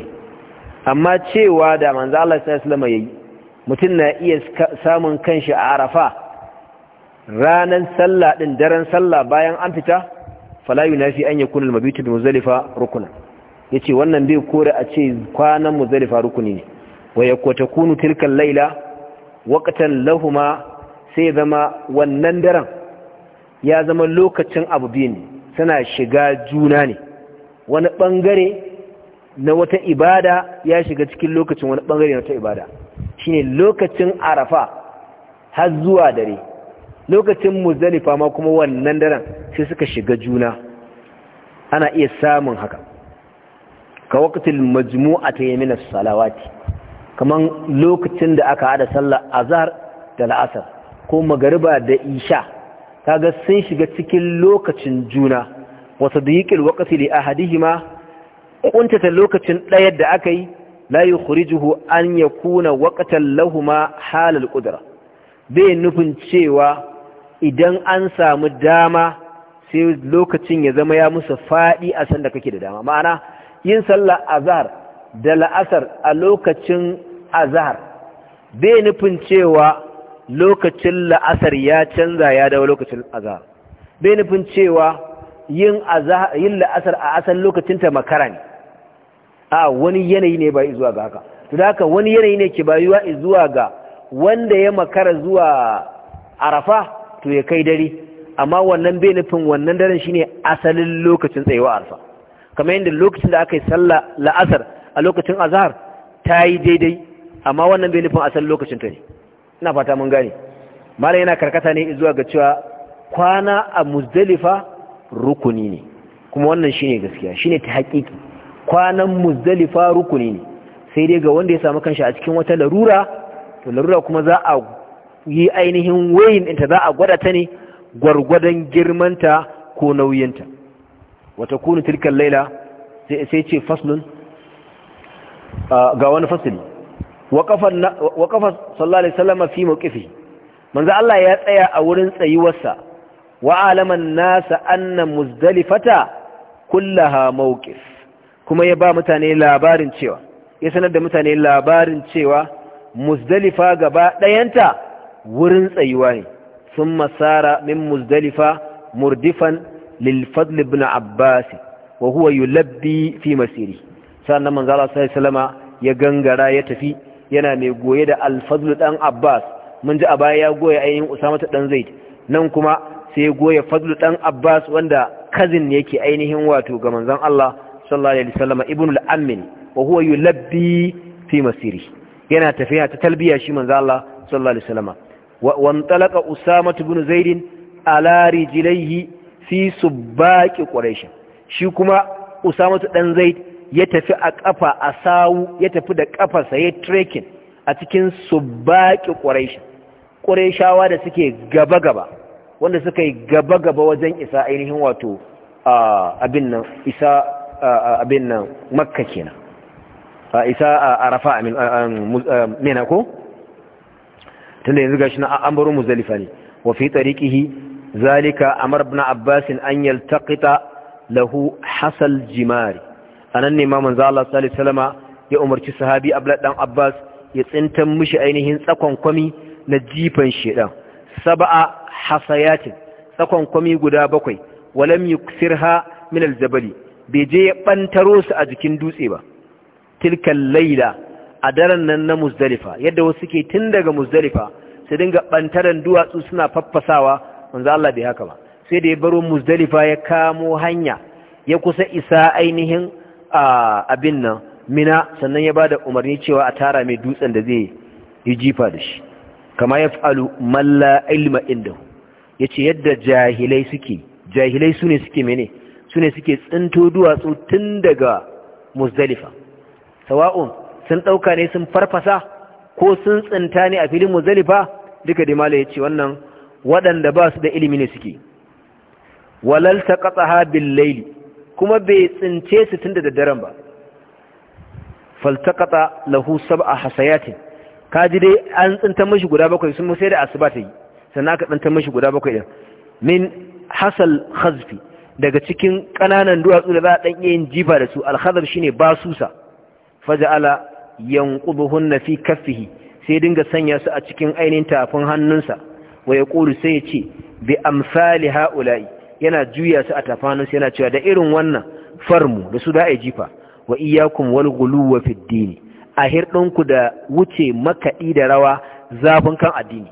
amma cewa da manzo Allah sallallahu alaihi wasallam yayi mutun na iya samun kanshi a arafa ranan sallah din daren sallah bayan an fita fala yunafi an yakuna al-mabitu bi muzdalifa rukuna yace wannan bai kore a ce kwanan muzalifa rukuni ne wa yakunu tilka al-laila waqtan lahumma sai zama wannan daren ya zama lokacin abu biyu suna shiga juna ne wani bangare na wata ibada ya shiga cikin lokacin wani bangare na wata ibada shine lokacin arafa har zuwa dare lokacin muzdalifa ma kuma wannan daren sai suka shiga juna ana iya samun haka ka waqtil majmu'ati min as-salawati kaman lokacin da aka hada sallar azhar da la'asar ko magariba da isha kaga sun shiga cikin lokacin juna wa sadiqil waqti li ahadihima kuntata lokacin ɗaya da aka yi la yukhrijuhu an yakuna waqtan lahumu halal qudrah bai nufin cewa idan an samu dama sai lokacin ya zama ya musu faɗi a sanda kake da dama ma'ana yin sallah azhar da la'asar a lokacin azhar bai nufin cewa lokacin la'asar ya canza ya dawo lokacin azhar bai nufin cewa yin la'asar a asal lokacinta makara ne a wani yanayi ne ba zuwa ga haka to da haka wani yanayi ne ke bayuwa zuwa ga wanda ya makara zuwa arafa to ya kai dare amma wannan bai wannan daren shine asalin lokacin tsayuwa arfa kamar yadda lokacin da aka yi sallah la'asar a lokacin azahar ta yi daidai amma wannan bai nufin asalin lokacin ta ne ina fata mun gane malam yana karkata ne zuwa ga cewa kwana a muzdalifa rukuni ne kuma wannan shine gaskiya shine ta hakiki kwanan muzdalifa rukuni ne sai dai ga wanda ya samu kanshi a cikin wata larura to larura kuma za a yi ainihin wayin inta za a gwada ta ne gwargwadon girmanta ko nauyinta wata kunu tilkan laila sai ce faslun ga wani fasli. wa kafa sallallahu alaihi wasallam fi mawqifi manzo Allah ya tsaya a wurin tsayuwarsa wa alaman nasa anna muzdalifata kullaha mawqif kuma ya ba mutane labarin cewa ya sanar da mutane labarin cewa muzdalifa gaba dayanta wurin tsayuwa ne sun masara min muzdalifa murdifan lilfadl ibn abbas wa huwa yulabbi fi masiri sannan manzo Allah sallallahu alaihi ya gangara ya tafi yana mai goye da alfadl dan abbas mun ji a baya ya goye ainihin usama ta dan zaid nan kuma sai ya goye fadl dan abbas wanda kazin yake ainihin wato ga manzon Allah sallallahu alaihi wasallama ibnul ammin wa huwa yulabbi fi masiri yana tafiya ta talbiya shi manzo Allah sallallahu alaihi wasallama wantalaka usama ibn zaidin ala rijlaihi fi subbaqi quraish shi kuma Usamatu dan zaid ya tafi a kafa a sawu ya tafi da kafarsa ya tirekin a cikin subbaqi quraish qurayshawa da suke gaba gaba wanda suka gaba gaba wajen isa ainihin wato abin nan makka kenan isa arafa min ko tunda yanzu gashi na an baro ne wa fi tariqihi zalika amar ibn abbas an yaltaqita lahu hasal jimari anan ne ma manzo Allah sallallahu Salama ya umarci sahabi abla dan abbas ya tsintan mushi ainihin tsakon kwami na jifan shedan saba'a hasayatin tsakon kwami guda bakwai walam ha min aljabali bai je ya bantaro su a jikin dutse ba Tilkan laila a daren nan na muzdalifa yadda wasu ke tun daga muzdalifa su dinga bantaran duwatsu suna faffasawa manzo Allah bai haka ba sai da ya baro muzdalifa ya kamo hanya ya kusa isa ainihin abin nan mina sannan ya ba da umarni cewa a tara mai dutsen da zai yi jifa da shi kama ya fa'alu malla ilma inda ya ce yadda jahilai suke jahilai su suke mene su suke tsinto duwatsu tun daga muzdalifa sawa'un sun ɗauka ne sun farfasa ko sun tsinta ne a filin muzalifa duka da ce wannan waɗanda ba su da ilimi ne suke walal ta ƙasa laili kuma bai tsince su tun da daddaren ba faltakata lahu sab a hasayatin kaji dai an tsinta mashi guda bakwai sun musai da asuba ta yi sannan aka tsinta mashi guda bakwai ɗin min hasal hazfi daga cikin ƙananan duwatsu da za a ɗan yin jifa da su alhazar shine basusa faja'ala yanquduhunna fi kaffihi sai dinga sanya su a cikin ainihin tafin hannunsa wa ya ƙuri sai ya ce bi amsali haula'i yana juya su a tafin hannunsa yana cewa da irin wannan farmu da su da ai jifa wa iyyakum wal ghuluwa fi dini a ku da wuce makaɗi da rawa zafin kan addini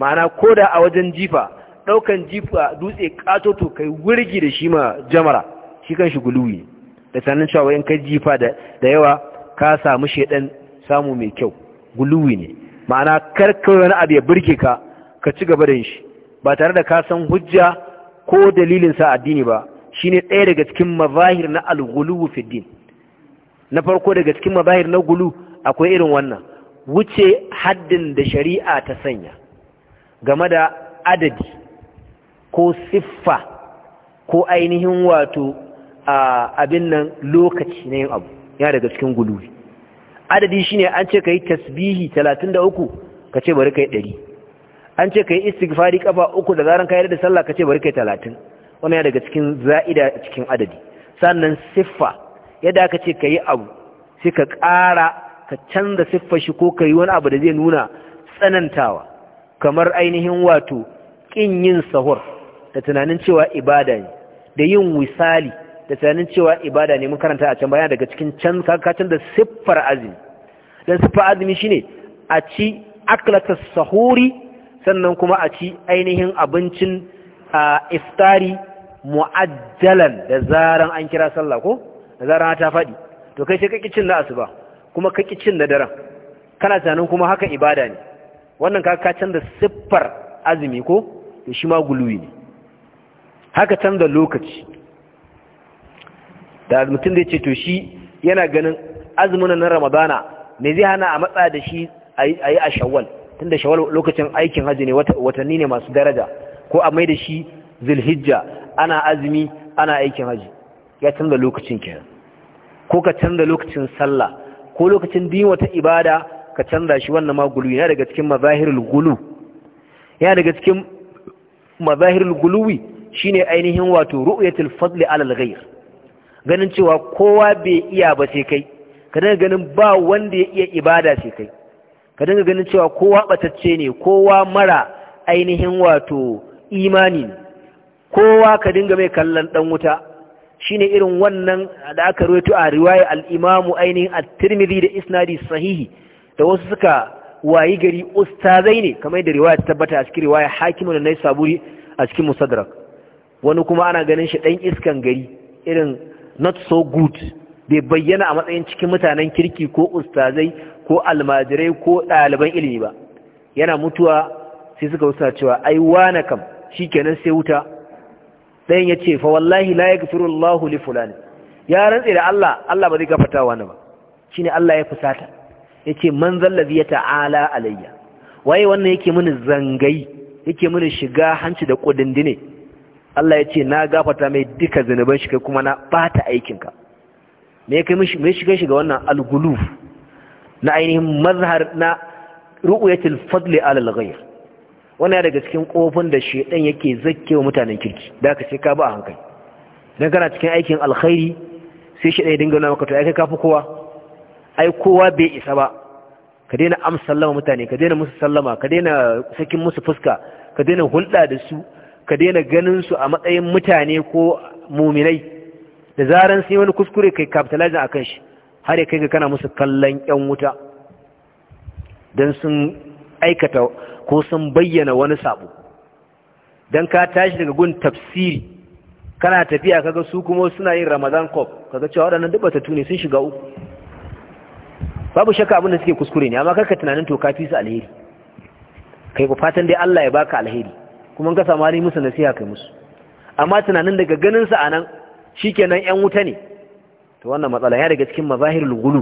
ma'ana ko da a wajen jifa ɗaukan jifa dutse to kai wurgi da shi ma jamara shi kan shi guluwi da sanin cewa in kai jifa da yawa ka samu shaidan samu mai kyau guluwi ne ma'ana karkar wani abu ya burge ka ka ci gaba da shi ba tare da ka san hujja ko dalilin sa addini ba Shi ne ɗaya daga cikin mazahir na al fiddin na farko daga cikin mazahir na gulu akwai irin wannan wuce haddin da shari'a ta sanya game da adadi ko siffa ko ainihin wato abin nan lokaci na yin abu ya daga cikin guluwi adadi shine an ce kai tasbihi 33 kace bari kai 100 an ce kai istighfari kafa uku da zaran kai da sallah kace bari kai 30 wannan ya daga cikin za'ida cikin adadi sannan siffa yadda aka ce kai abu sai ka ƙara ka canza siffar shi ko kai wani abu da zai nuna tsanantawa kamar ainihin wato kin yin sahur da tunanin cewa ibada ne da yin misali. da tunanin cewa ibada ne mun karanta a can baya daga cikin can kakacin da siffar azumi don siffar azumi ne a ci akalata sahuri sannan kuma a ci ainihin abincin iftari mu'ajjalan da zaran an kira sallah ko da zaran ta faɗi to kai sai kaki cin na asuba kuma kaki cin na daren kana tunanin kuma haka ibada ne wannan kakacin da siffar azumi ko to shi ma guluwi ne haka canza lokaci da mutum zai ce to shi yana ganin azumin na ramadana me zai hana a matsa da shi a yi a shawwal tun da shawwal lokacin aikin hajji ne watanni ne masu daraja ko a mai da shi zulhijja ana azumi ana aikin hajji ya canza lokacin kenan ko ka canza lokacin sallah ko lokacin din wata ibada ka canza shi wannan ma gulu yana daga cikin mazahirul gulu yana daga cikin mazahirul guluwi shine ainihin wato ru'yatul fadli alal ghayr ganin cewa kowa bai iya ba sai kai ka dinga ganin ba wanda ya iya ibada sai kai ka dinga ganin cewa kowa batacce ne kowa mara ainihin wato imani kowa ka dinga mai kallon dan wuta shine irin wannan da aka rawaito a riwaya al-Imam ainihin at-Tirmidhi da isnadi sahihi da wasu suka wayi gari ustazai ne kamar da riwaya ta tabbata a cikin riwaya Hakim da Naisaburi a cikin musaddarak wani kuma ana ganin shi dan iskan gari irin not so good bai bayyana a matsayin cikin mutanen kirki ko ustazai ko almajirai ko ɗaliban ilimi ba yana mutuwa sai suka wusa cewa ai wane kam shikenan sai wuta ɗayan ya ce fa wallahi la yaghfirullahu li fulani ya rantse da Allah Allah ba zai gafarta wani ba shine Allah ya fusata yace man zallazi ya ta'ala alayya waye wannan yake mini zangai yake mini shiga hanci da kudindine Allah ya ce na gafata mai duka zunuban shi kai kuma na bata aikinka me kai mai shiga shiga wannan alguluf na ainihin mazhar na ru'yatul fadli ala al-ghayr wannan daga cikin kofin da shedan yake wa mutanen kirki da ka sai ka ba hankali dan kana cikin aikin alkhairi sai shedan ya dinga nuna maka to ai kai kafi kowa ai kowa bai isa ba ka daina amsa sallama mutane ka daina musu sallama ka daina sakin musu fuska ka daina hulɗa da su ka daina ganin su a matsayin mutane ko muminai da zaran sun yi wani kuskure kai capitalizing akan shi har ya kai ga kana musu kallon yan wuta don sun aikata ko sun bayyana wani sabo don ka tashi daga gun tafsiri kana tafiya kaga su kuma suna yin ramadan cup kaga cewa waɗannan duk batattu ne sun shiga uku babu shakka abin da suke kuskure ne amma ka tunanin to ka fi su alheri kai ku fatan dai Allah ya baka alheri kuma ka samu hali musu nasiha kai musu amma tunanin daga ganinsa ganin sa anan shikenan yan wuta ne to wannan matsala ya daga cikin mazahirul gulu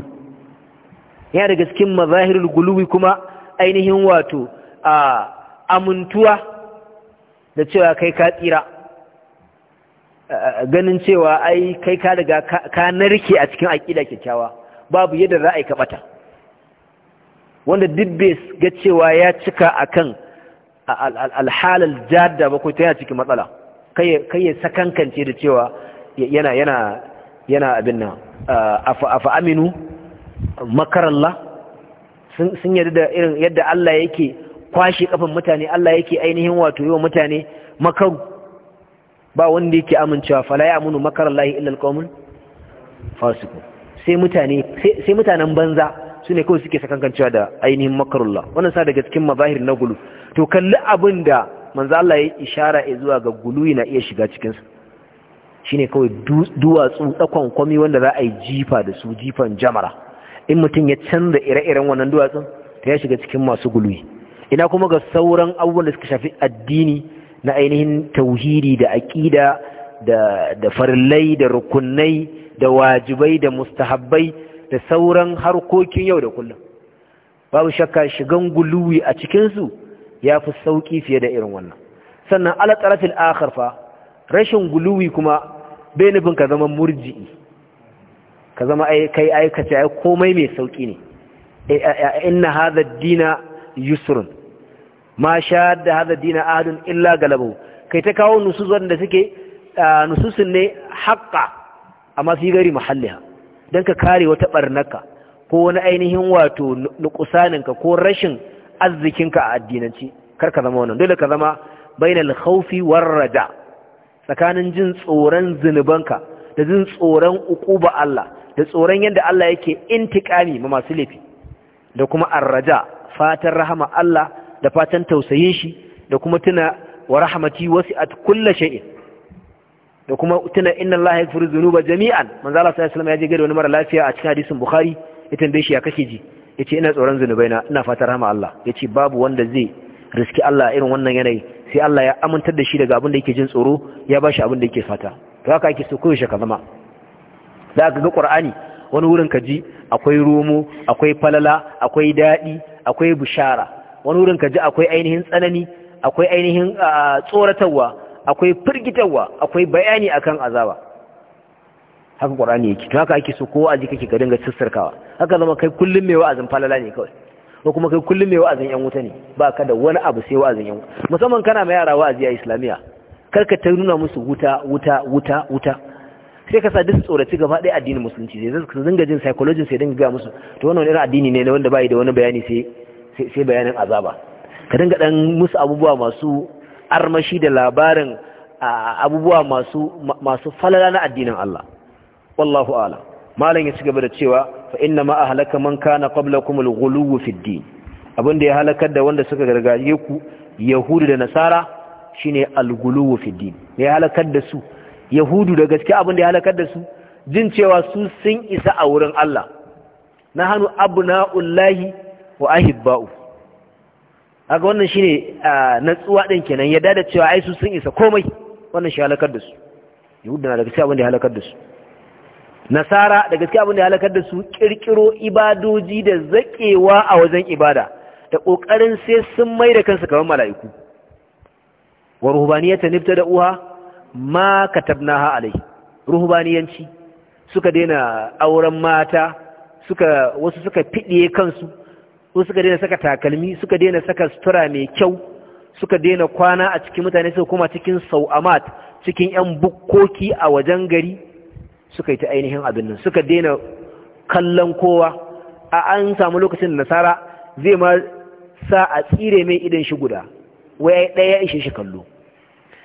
ya daga cikin mazahirul gulu kuma ainihin wato a amintuwa da cewa kai ka tsira ganin cewa ai kai ka daga ka narke a cikin aƙida kyakkyawa babu yadda za a yi kaɓata wanda dibbes ga cewa ya cika akan alhalal jadda ba ko ta cikin matsala kai ya sakankance da cewa yana yana yana abin nan uh, afa aminu makarallah sun yadda da irin yadda Allah yake kwashe kafin mutane Allah yake ainihin wato yi wa mutane makaru ba wanda yake amincewa fala ya amunu makarallahi illa alqawmul fasiqun sai mutane sai mutanen banza su ne kawai suke sakankancewa da ainihin makarullah wannan sa daga cikin mabahir na gulu to kalli abin da manzo Allah ya ishara zuwa ga guluyi na iya shiga cikinsa shine kawai duwatsu tsakon kwami wanda za a yi jifa da su jifan jamara in mutum ya canza ire-iren wannan duwatsun ta ya shiga cikin masu guluyi ina kuma ga sauran abubuwan da suka shafi addini na ainihin tauhidi da aƙida da da farillai da rukunai da wajibai da mustahabbai da sauran harkokin yau da kullum babu shakka shigan guluwi a cikinsu ya fi sauƙi fiye da irin wannan sannan ala tsarafin akarfa rashin guluwi kuma bai nufin ka zama murji'i ka zama kai aikace ya komai mai sauƙi ne eh, eh, eh, inna hadar dina yusrun ma sha da hadar dina ahadun illa galabu kai ta kawo nususun da suke nususun ne haƙƙa amma su yi gari ha. don ka kare wata ɓarnaka ko wani ainihin wato nukusaninka ko rashin arzikinka a addinanci kar ka zama wannan dole ka zama bainal khawfi war raja tsakanin jin tsoron zinubanka da jin tsoron uquba Allah da tsoron yadda Allah yake intikami ma masu laifi da kuma arraja fatan rahama Allah da fatan tausayin shi da kuma tuna wa rahmati wasi'at kulli shay'in da kuma tuna inna Allah yaghfiru dhunuba jami'an manzo Allah sallallahu alaihi wasallam ya je gare wani mara lafiya a cikin hadisin Bukhari ita tambaye shi ya kake ji Ya ce ina tsoron na, ina fatar rahama Allah yace babu wanda zai riski Allah irin wannan yanayi sai Allah ya amintar da shi daga abin da yake jin tsoro ya shi abin da yake fata to haka ake so koyaushe ka zama za ka ga Qur'ani wani wurin ka ji akwai romo akwai falala akwai dadi akwai bushara wani wurin ka ji akwai ainihin tsanani akwai ainihin ah, tsoratarwa akwai firgitarwa akwai bayani akan azaba haka qur'ani yake to haka ake so ko aji kake ka dinga sassarkawa haka zama kai kullum mai wa'azin falala ne kawai ko kuma kai kullum mai wa'azin yan wuta ne ba ka da wani abu sai wa'azin yan wuta musamman kana ma yara wa'azi a islamiya karka ta nuna musu wuta wuta wuta wuta sai ka sa duk tsoraci gaba ɗaya addinin musulunci sai zai zanga jin psychology sai dinga ga musu to wannan irin addini ne wanda bai da wani bayani sai sai bayanin azaba ka dinga dan musu abubuwa masu armashi da labarin abubuwa masu masu falala na addinin Allah wallahu a'lam malam ya ci gaba da cewa fa inna ma ahlaka man kana qablakum al fi ad-din da ya halakar da wanda suka gargaje ku yahudu da nasara shine al fi ad-din ya halakar da su yahudu da gaske da ya halakar da su jin cewa su sun isa a wurin Allah nahanu abna'ullahi wa ahibba'u aga wannan shine natsuwa din kenan ya da cewa ai su sun isa komai wannan shi halakar da su yahudu na da gaske da ya halakar da su nasara da gaske abin da ya halakar da su kirkiro ibadoji da zakewa a wajen ibada da kokarin sai sun mai da kansu kamar mala'iku wa ruhbaniyata nifta da uha ma katabnaha alai ruhbaniyanci suka daina auren mata suka wasu suka fidiye kansu wasu suka daina saka takalmi suka daina saka sutura mai kyau suka daina kwana a cikin mutane suka kuma cikin sau'amat cikin yan bukkoki a wajen gari suka yi ta ainihin abin nan suka daina kallon kowa a an samu lokacin nasara zai ma sa a tsire mai idan shi guda waya ɗaya ya ishe shi kallo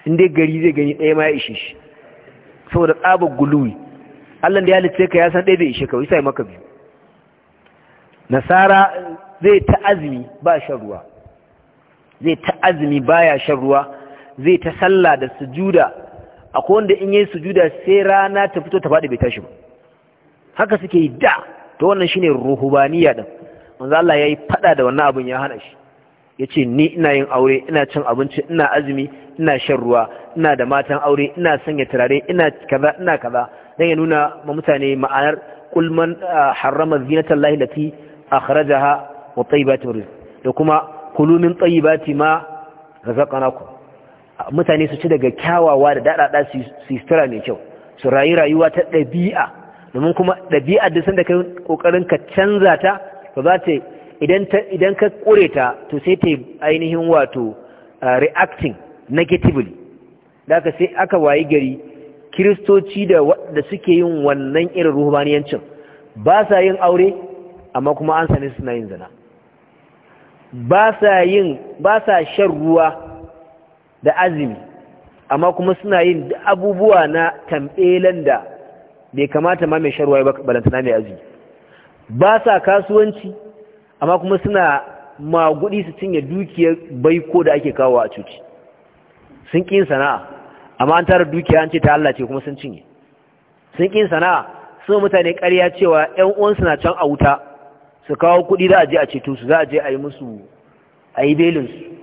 inda gari zai gani ɗaya ma ya ishe shi saboda tsabar guluwi allah da ya halitta ka ya san ɗaya bai ishe ka sai maka biyu nasara zai ta azumi ba shan ruwa zai ta azumi baya shan ruwa zai ta sallah da sujuda akwai wanda in yi sujuda sai rana ta fito ta faɗi bai tashi ba haka suke yi da ta wannan shine ruhubaniya din wanzu Allah yi faɗa da wannan abin ya hana shi Ya ce ni ina yin aure ina cin abinci ina azumi ina shan ruwa ina da matan aure ina sanya turare ina kaza ina kaza dan ya nuna ma mutane ma'anar kulman man harrama zinata Allah lati akhrajaha wa tayyibatu da kuma kulumin min tayyibati ma mutane su ci daga kyawawa da daɗaɗa su yi tura mai kyau su rayu rayuwa ta ɗabi'a domin kuma ɗabi'a da sanda kai ƙoƙarin ka canza ta ba za ta idan ka ƙure ta to sai ta ainihin wato reacting negatively da aka sai aka wayi gari kiristoci da suke yin wannan irin ruhubaniyancin ba sa yin aure amma kuma an sani suna yin zina ba sa shan ruwa da azumi amma kuma suna yin abubuwa na tambelan da bai kamata ma mai ba balantana mai azumi ba sa kasuwanci amma kuma suna magudi su cinye dukiyar baiko da ake kawo a cuci sun ƙin sana'a amma an tara dukiya an ce ta Allah ce kuma sun cinye sun ƙin sana'a sun mutane ƙarya cewa ƴan uwansu na can a wuta su kawo kuɗi za a je a ceto su za a je a yi musu a yi belinsu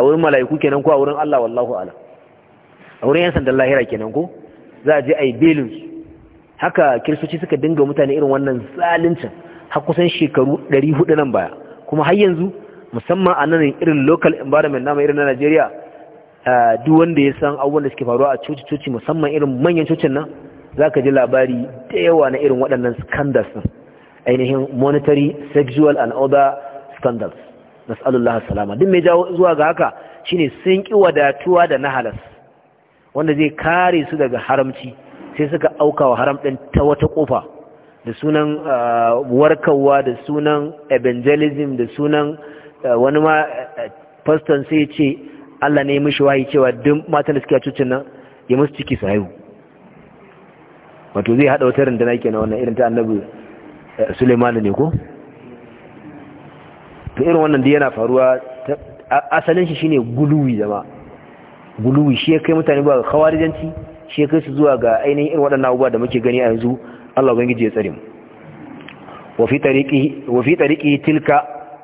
a wurin mala'iku kenan ko a wurin Allah wallahu ala a wurin yan sandan lahira kenan ko za a je a yi belin haka kiristoci suka dinga mutane irin wannan zaluncin har kusan shekaru 400 nan baya kuma har yanzu musamman a nan irin local environment namu irin na Najeriya duk wanda ya san abubuwan da suke faruwa a coci cuci musamman irin manyan cocin nan za ka ji labari da yawa na irin waɗannan scandals ainihin monetary sexual and other scandals nas'alullah salama duk mai jawo zuwa ga haka shine sun ki wadatuwa da nahalas wanda zai kare su daga haramci sai suka auka wa haram din ta wata kofa da sunan uh, warkarwa da sunan evangelism da sunan uh, wani ma faston uh, sai ce Allah ne mishi wayi cewa duk matan da suke cucin nan ya musu ciki su haihu wato zai hada wata rindana kenan wannan irin ta annabi Suleiman ne ko to irin wannan da yana faruwa asalin shi shine guluwi zama guluwi shi ya kai mutane ba ga khawarijanci shi ya kai su zuwa ga ainihin irin waɗannan abubuwa da muke gani a yanzu Allah ubangiji ya tsare mu wa fi tariqi tariqi tilka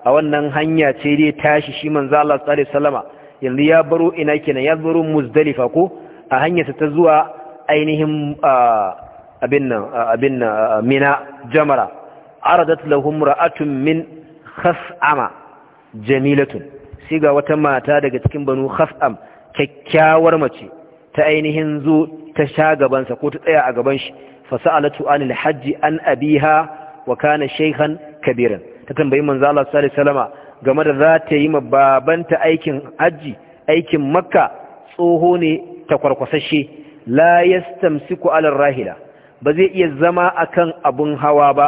a wannan hanya ce dai tashi shi manzo Allah sallallahu alaihi wasallama yanzu ya baro ina kenan ya baro muzdalifa ko a hanyarsa ta zuwa ainihin abin nan abin nan mina jamara aradat lahum ra'atun min khas'ama jamilatun sai ga wata mata daga cikin banu khas'am kyakkyawar mace ta ainihin zo ta sha gabansa ko ta tsaya a gaban shi fasa'alatu anil hajji an abiha wa kana shaykhan kabiran ta tambayi manzo Allah sallallahu alaihi wasallama game da za ta yi babanta aikin hajji aikin makka tsoho ne ta kwarkwasashe la yastamsiku ala rahila ba zai iya zama akan abun hawa ba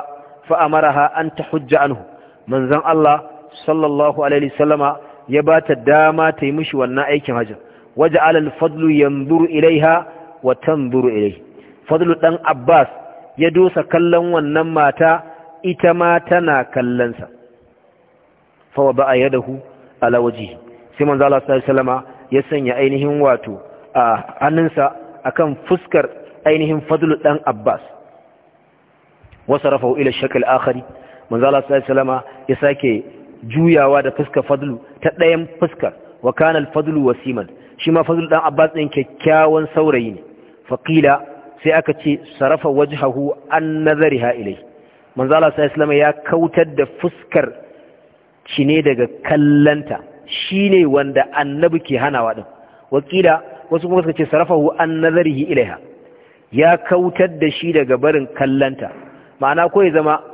fa amaraha an tahujja anhu manzon Allah sallallahu alaihi sallama ya ba ta dama ta yi mishi wannan aikin hajjin waje alal fadlu yanzuru ilaiha wa tanzuru ilaihi fadlu dan Abbas ya dosa kallon wannan mata ita ma tana kallonsa fa wa ba'a yadahu ala waje. sai manzo Allah sallallahu alaihi ya sanya ainihin wato a hannunsa akan fuskar ainihin fadlu dan Abbas wasarafahu ila shakil akhari manzala salama ya sake juyawa da fuskar fadlu ta ɗayan fuskar wa kana al-fadlu wasiman shi ma fadlu dan abbas din kyakkyawan saurayi ne faqila sai aka ce sarafa wajhahu an nazariha ilai manzala salama ya kautar da fuskar cine daga kallanta shine wanda annabi ke hanawa din wakila wasu kuma suka ce sarafahu an nazarihi ilaiha ya kautar da shi daga barin kallanta ma'ana ko ya zama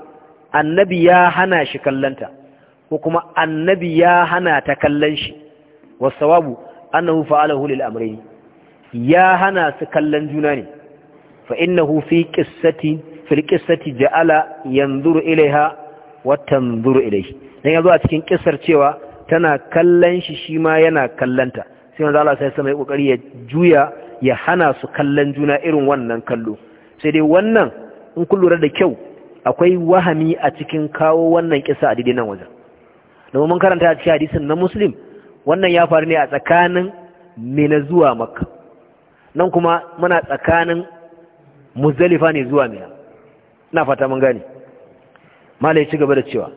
annabi ya hana shi kallanta ko kuma annabi ya hana ta kallon shi wasawabu annahu fa'alahu lil amrayn ya hana su kallon juna ne fa innahu fi qissati fi qissati ja'ala yanzuru ilaiha wa tanzuru ilayhi dan yazo a cikin kissar cewa tana kallon shi shi ma yana kallanta sai manzo Allah sai sama ya kokari ya juya ya hana su kallon juna irin wannan kallo sai dai wannan in kun lura da kyau akwai wahami a cikin kawo wannan kisa a didinan wajen domin mun karanta a cikin hadisin na muslim wannan ya faru ne a tsakanin mina zuwa makka nan kuma muna tsakanin muzalifa ne zuwa mina ina fata mun gane mala ya ci gaba da cewa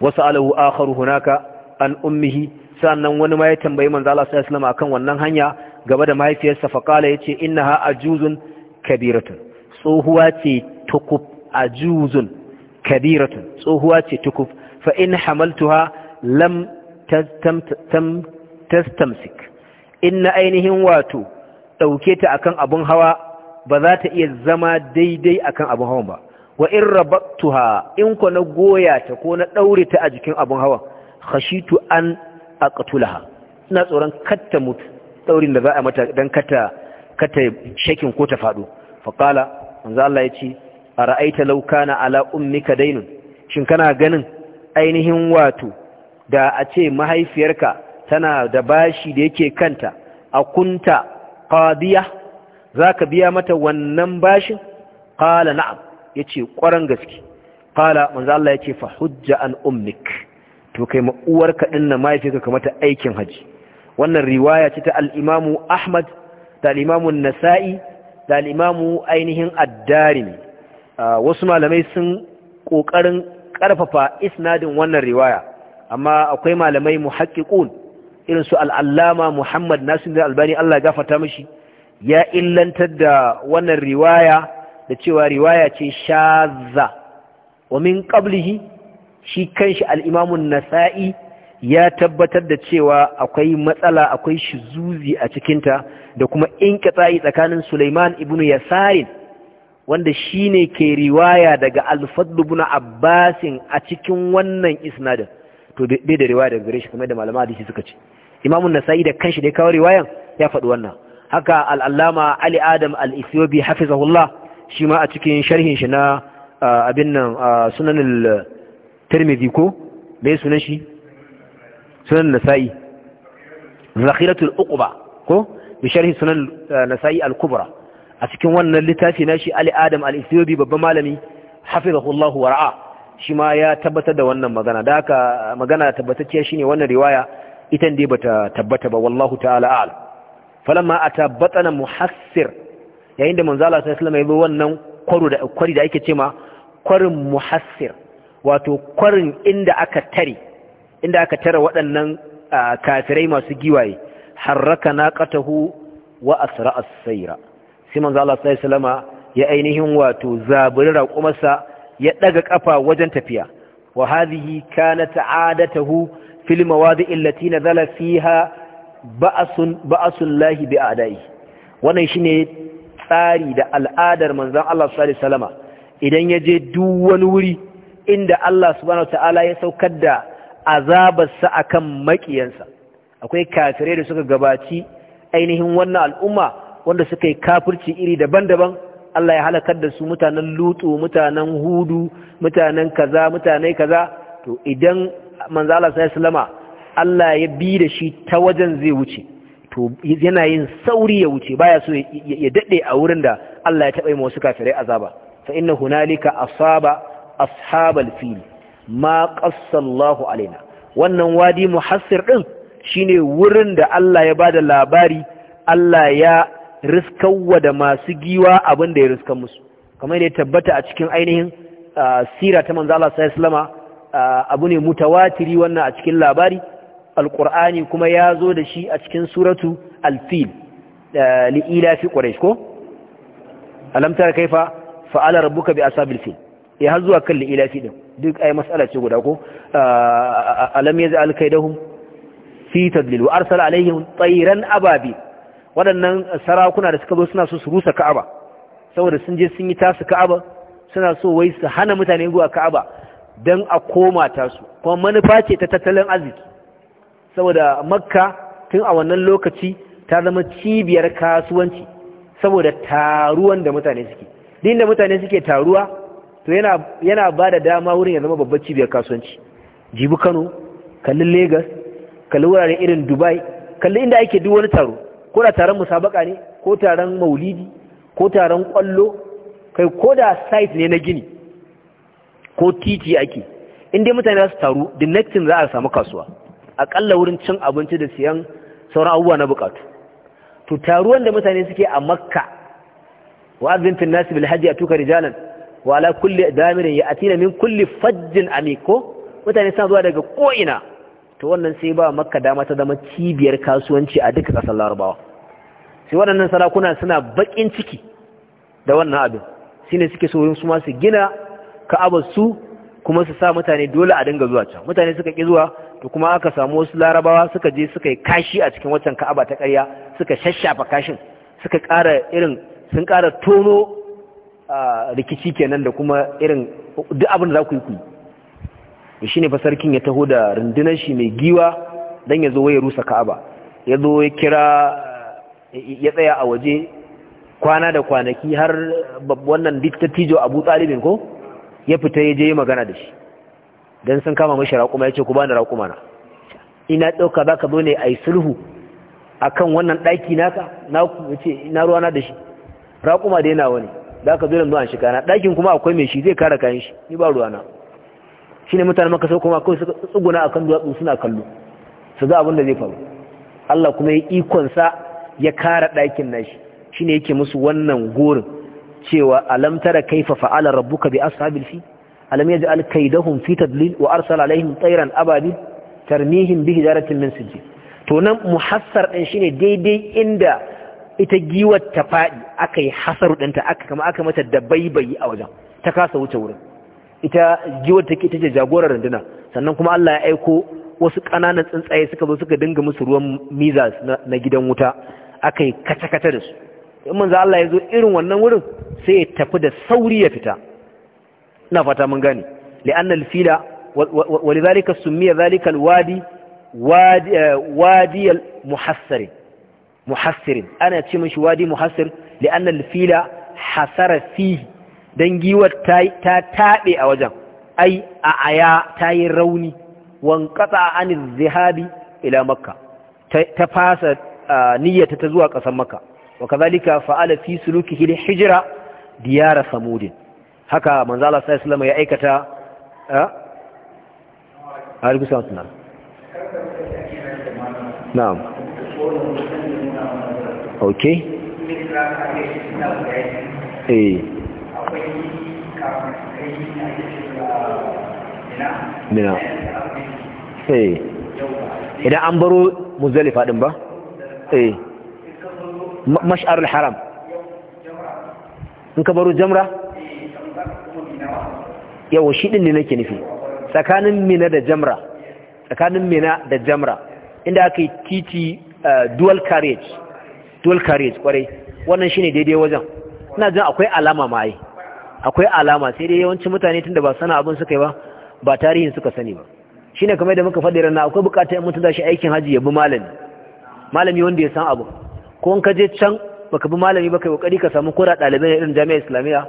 wasu alahu akharu hunaka an ummihi sannan wani ma ya tambayi manzo Allah sallallahu alaihi wasallam wannan hanya gaba da mahaifiyarsa faqala yace innaha ajuzun kabiratun tsohuwa ce tukub ajuzun kabiratun tsohuwa ce tukuf fa in hamaltuha lam tastamsik in na ainihin wato ɗauke ta akan abun hawa ba za ta iya zama daidai akan abun hawan ba wa in rabattuha in ko na goya ta ko na ɗaure ta a jikin abun hawan khashitu an aqtulaha ina tsoron katta mutu daurin da za a mata dan kata kata shakin ko ta faɗo Faqala. manzo Allah yace a ra'aita na ala ummika dainun shin kana ganin ainihin wato da a ce mahaifiyarka tana da bashi da yake kanta a kunta Za zaka biya mata wannan bashin qala na'am yace ƙwaron gaske qala manzo Allah ce fa hujja an ummik to kai ma uwarka din na mahaifiyarka ka mata aikin haji wannan riwaya ce ta al Ahmad da al nasai da al ainihin ad wasu malamai sun ƙoƙarin ƙarfafa isnadin wannan riwaya amma akwai malamai muhaqqiqun irin su al'allama Muhammad Nasir Albani Allah gafarta mashi. ya illantar da wannan riwaya da cewa riwaya ce shazza wa min qablihi shi kanshi al-Imam nasai ya tabbatar da cewa akwai matsala akwai zuzi a cikinta da kuma tsayi tsakanin Sulaiman ibnu Yasarin wanda shine ke riwaya daga al-fadl abbasin a cikin wannan isnadin to bai da riwaya daga gare shi kamar da malaman hadisi suka ce imamun nasa'i da kanshi da kawo riwayan ya faɗi wannan haka al'allama ali adam al-ithiobi hafizahullah shi ma a cikin sharhin shi na abin nan sunanin tirmidhi ko me sunan shi sunan nasa'i zakhiratul uqba ko bi sharhi sunan eh, nasa'i al-kubra a cikin wannan littafi na shi Ali Adam al-Istiyobi babban malami hafizahullahu wara'a shi ma ya tabbatar da wannan magana da haka magana tabbatacciya shine wannan riwaya ita dai bata tabbata ba wallahu ta'ala a'lam falamma atabatana muhassir yayin da manzo Allah sallallahu alaihi wasallam ya wannan kwaro da kwari da ake cewa kwarin muhassir wato kwarin inda aka tare inda aka tare waɗannan kafirai masu giwaye harraka naqatahu wa asra as-sayra sai manzo Allah sallallahu alaihi wasallama ya ainihin wato zaburi raƙumarsa ya daga kafa wajen tafiya wa hadhihi kanat aadatuhu fil mawadi' allati nazala fiha ba'sun ba'sul lahi bi a'dai wannan shine tsari da al'adar manzo Allah sallallahu alaihi wasallama idan ya je duk wani wuri inda Allah subhanahu wataala ya saukar da azabarsa akan makiyansa akwai kafirai da suka gabaci ainihin wannan al'umma wanda suka yi kafirci iri daban-daban Allah ya halakar da su mutanen lutu mutanen hudu mutanen kaza mutane kaza to idan manzo Allah sai salama. Allah ya bi da shi ta wajen zai wuce to yana yin sauri ya wuce baya so ya dade a wurin da Allah ya taba yi wasu kafirai azaba fa inna hunalika asaba ashabal fil ma qassa Allah alaina wannan wadi muhassir din shine wurin da Allah ya bada labari Allah ya riskawa da masu giwa abin da ya riska musu kamar da ya tabbata a cikin ainihin sira ta manzo Allah sallallahu alaihi abu ne mutawatiri wannan a cikin labari alqur'ani kuma ya zo da shi a cikin suratu al-fil li ila quraish ko alam tara kaifa fa'ala rabbuka bi ashabil fil ya eh, har zuwa kan li ila fi din duk ai mas'ala ce guda ko alam yaz'al kaidahum fi tadlil wa arsala alaihim tayran ababi waɗannan sarakuna da suka zo suna so su rusa ka'aba saboda sun je sun yi tasu ka'aba suna so wai su hana mutane zuwa ka'aba don a koma tasu kuma manufa ce ta tattalin arziki saboda makka tun a wannan lokaci ta zama cibiyar kasuwanci saboda taruwan da mutane suke din da mutane suke taruwa to yana ba da dama wurin ya zama babbar cibiyar kasuwanci jibi kano kalli lagos kalli wuraren irin dubai kalli inda ake duk wani taro ko da taron musabaka ne ko taron maulidi ko taron kwallo kai ko da site ne na gini ko titi ake inda mutane za su taru the next za a samu kasuwa akalla wurin cin abinci da siyan sauran abubuwa na bukatu to taruwan da mutane suke a makka wa azintin nasi bil hajji atuka rijalan wa ala kulli damirin ya'tina min kulli fajjin amiko mutane suna zuwa daga ko'ina to wannan sai ba makka dama ta zama cibiyar kasuwanci a duka kasar larabawa sai waɗannan sarakuna suna baƙin ciki da wannan abin shi ne suke saurin su masu gina ka'abarsu kuma su sa mutane dole a dinga zuwa can mutane suka ƙi zuwa to kuma aka samu wasu larabawa suka je suka yi kashi a cikin waccan ka'aba ta ƙarya suka shashafa kashin suka ƙara irin sun ƙara tono rikici kenan da kuma irin duk abin da za ku yi ku yi shi ne Fasarkin sarkin ya taho da rundunar shi mai giwa don ya zo ya rusa ka'aba ya zo ya kira ya tsaya a waje kwana da kwanaki har wannan dattijo abu tsalibin ko ya fita ya je magana da shi don sun kama mashi raƙuma ya ce ku ba ni raƙuma na ina ɗauka za ka zo ne a yi sulhu a kan wannan ɗaki naka na ruwa ina da shi raƙuma da yana wani za ka zo da zuwa shi ɗakin kuma akwai mai shi zai kare kayan shi ni ba ruwana shi ne mutane maka sau kuma kawai suka tsuguna a kan duwatsu suna kallo su ga abin da zai faru Allah kuma ya ikonsa ya kara ɗakin nashi shine yake musu wannan gorin cewa alam tara kaifa fa'ala rabbuka bi ashabil fi alam yaj'al kaydahum fi tadlil wa arsala alaihim tayran ababil tarmihim bi hijaratin min sijil to nan muhassar din shine daidai inda ita giwar ta fadi akai hasaru dinta aka kama aka mata dabaibayi a wajen ta kasa wuce wurin ita giwar take ita ce jagorar runduna sannan kuma Allah ya aiko wasu ƙananan tsuntsaye suka zo suka dinga musu ruwan miza na gidan wuta aka yi kata-kata da su in manzo Allah ya zo irin wannan wurin sai ya tafi da sauri ya fita ina fata mun gane li'annal fila walidhalika sumiya dhalika alwadi wadi eh, muhassir muhassir ana ce mishi wadi muhassir li'annal fila hasara fihi dan giwar ta tabe a wajen ai a aya ta yi rauni wanqata anil zihabi ila makka ta fasa niyyata ta zuwa ƙasar maka wa kazalika fa'ala fi sulukihi hijira diyara samudin haka manzo Allah sallallahu alaihi ya aikata a alaikum salam na'am okay eh mina eh idan an baro muzalifa din ba eh haram in ka baro jamra yawa shi din ne nake nufi tsakanin mina da jamra tsakanin mina da jamra inda aka yi titi eh, dual carriage dual carriage kwarai wannan shine daidai wajen ina jin akwai alama ma yi akwai alama sai dai yawancin mutane da ba sana abin suka yi ba ba tarihin suka sani ba shine kamar da muka faɗi rana akwai bukatar mutum da shi aikin hajji ya bi malami malami wanda ya san abu ko ka je can baka bi malami baka yi kokari ka samu kura ɗalibai irin jami'a islamiyya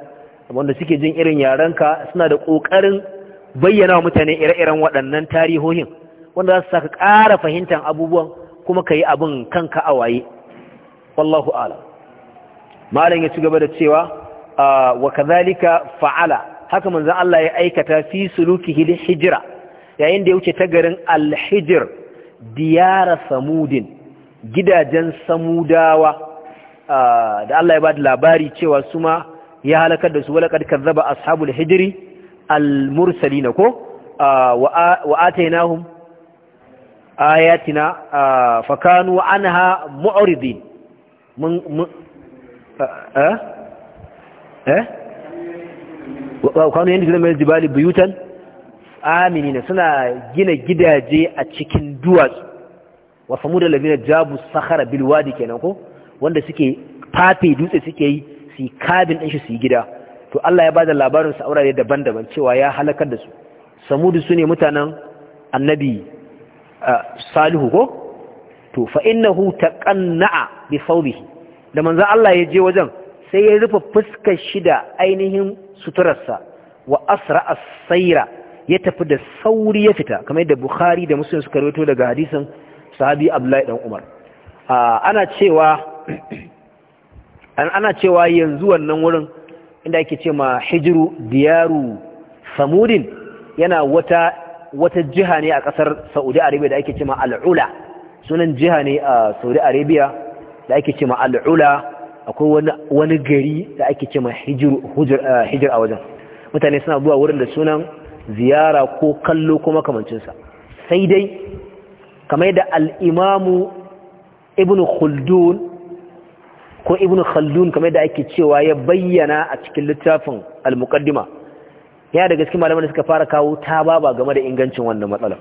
wanda suke jin irin yarenka suna da kokarin bayyana wa mutane ire-iren waɗannan tarihohin wanda za su saka ƙara fahimtar abubuwan kuma ka yi abin kanka a waye wallahu ala malam ya ci gaba da cewa ah, wa kazalika fa'ala haka manzon Allah ya aikata fi sulukihi hijira yayin da ya wuce ta garin al-hijr diyara samudin gidajen samudawa da Allah ya ba da labari cewa su ma ya halakar da su walakar kazzaba ashabul hijri al-mursalina ko wa atainahum ayatina fakanu anha mu'ridin mun eh eh wa kanu yanzu da jibali buyutan aminina suna gina gidaje a cikin duwatsu wa samuda ladina jabu sakhara bil kenan ko wanda suke fafe dutse suke yi su kabin ɗanshi shi su gida to Allah ya bada labarin su aurare daban-daban cewa ya halakar da su samudu sune mutanen annabi salihu ko to fa innahu taqanna'a bi thawbihi da manzo Allah ya je wajen sai ya rufe fuskar shida ainihin suturarsa wa asra as saira, ya tafi da sauri ya fita kamar yadda Bukhari da Muslim suka rawaito daga hadisin sahabi abdullahi dan umar ana cewa ana cewa yanzu wannan wurin inda ake ce ma hijiru diyaru samudin yana wata wata jiha ne a kasar saudi arabia da ake ce ma al'ula sunan jiha ne a saudi arabia da ake ce ma al'ula akwai wani gari da ake ce ma hijir eh, a wajen mutane suna zuwa wurin da sunan ziyara ko kallo ko makamancinsa sai dai kamar da al'imamu ibn khuldun ko ibn khaldun kamar da ake cewa ya bayyana a cikin littafin al-muqaddima ya da gaske malaman da suka fara kawo tababa game da ingancin wannan matsalar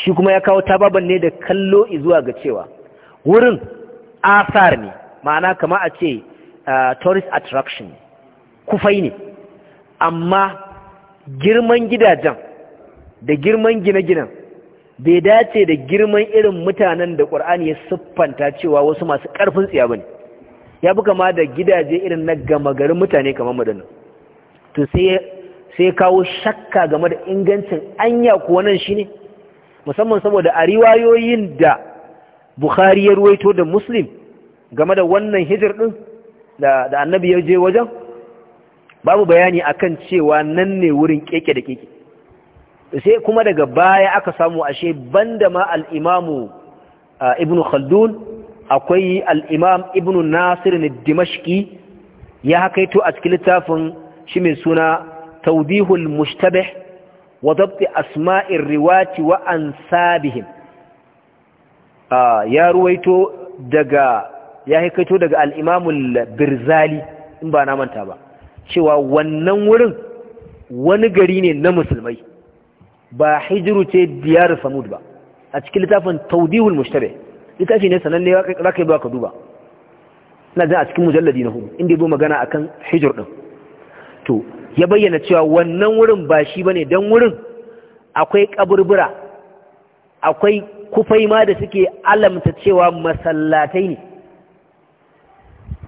shi kuma ya kawo tababan ne da kallo zuwa ga cewa wurin asar ne ma'ana kama a ce tourist attraction kufai ne amma girman gidajen da girman gine-ginen bai dace da girman irin mutanen da ƙur'ani ya siffanta cewa wasu masu ƙarfin tsiya ne ya fi kama da gidaje irin na gama garin mutane kamar madana to sai kawo shakka game da ingancin anya kuwa nan shine musamman saboda a riwayoyin da Bukhari ya ruwaito da Muslim game da wannan hijir ɗin da da annabi ya je wajen babu bayani akan cewa nan ne wurin keke da keke sai kuma daga baya aka samu ashe banda ma al'imamu ibn khaldun akwai al'imam ibn nasir ne dimashki ya yato a cikin littafin shi mai suna taudihul mushtabih wa dabti asma'in riwati wa an sabihim ya ruwaito daga ya yato daga al’imamun birzali in ba na manta ba cewa wannan wurin wani gari ne na musulmai ba hijiru ce diyar samud ba a cikin littafin taudihul mushtabe littafi ne sananne za ka yi ba ka duba na zan a cikin mujalladi na hudu inda ya zo magana akan hijir ɗin. to ya bayyana cewa wannan wurin ba shi bane don wurin akwai ƙaburbura, akwai kufai ma da suke alamta cewa masallatai ne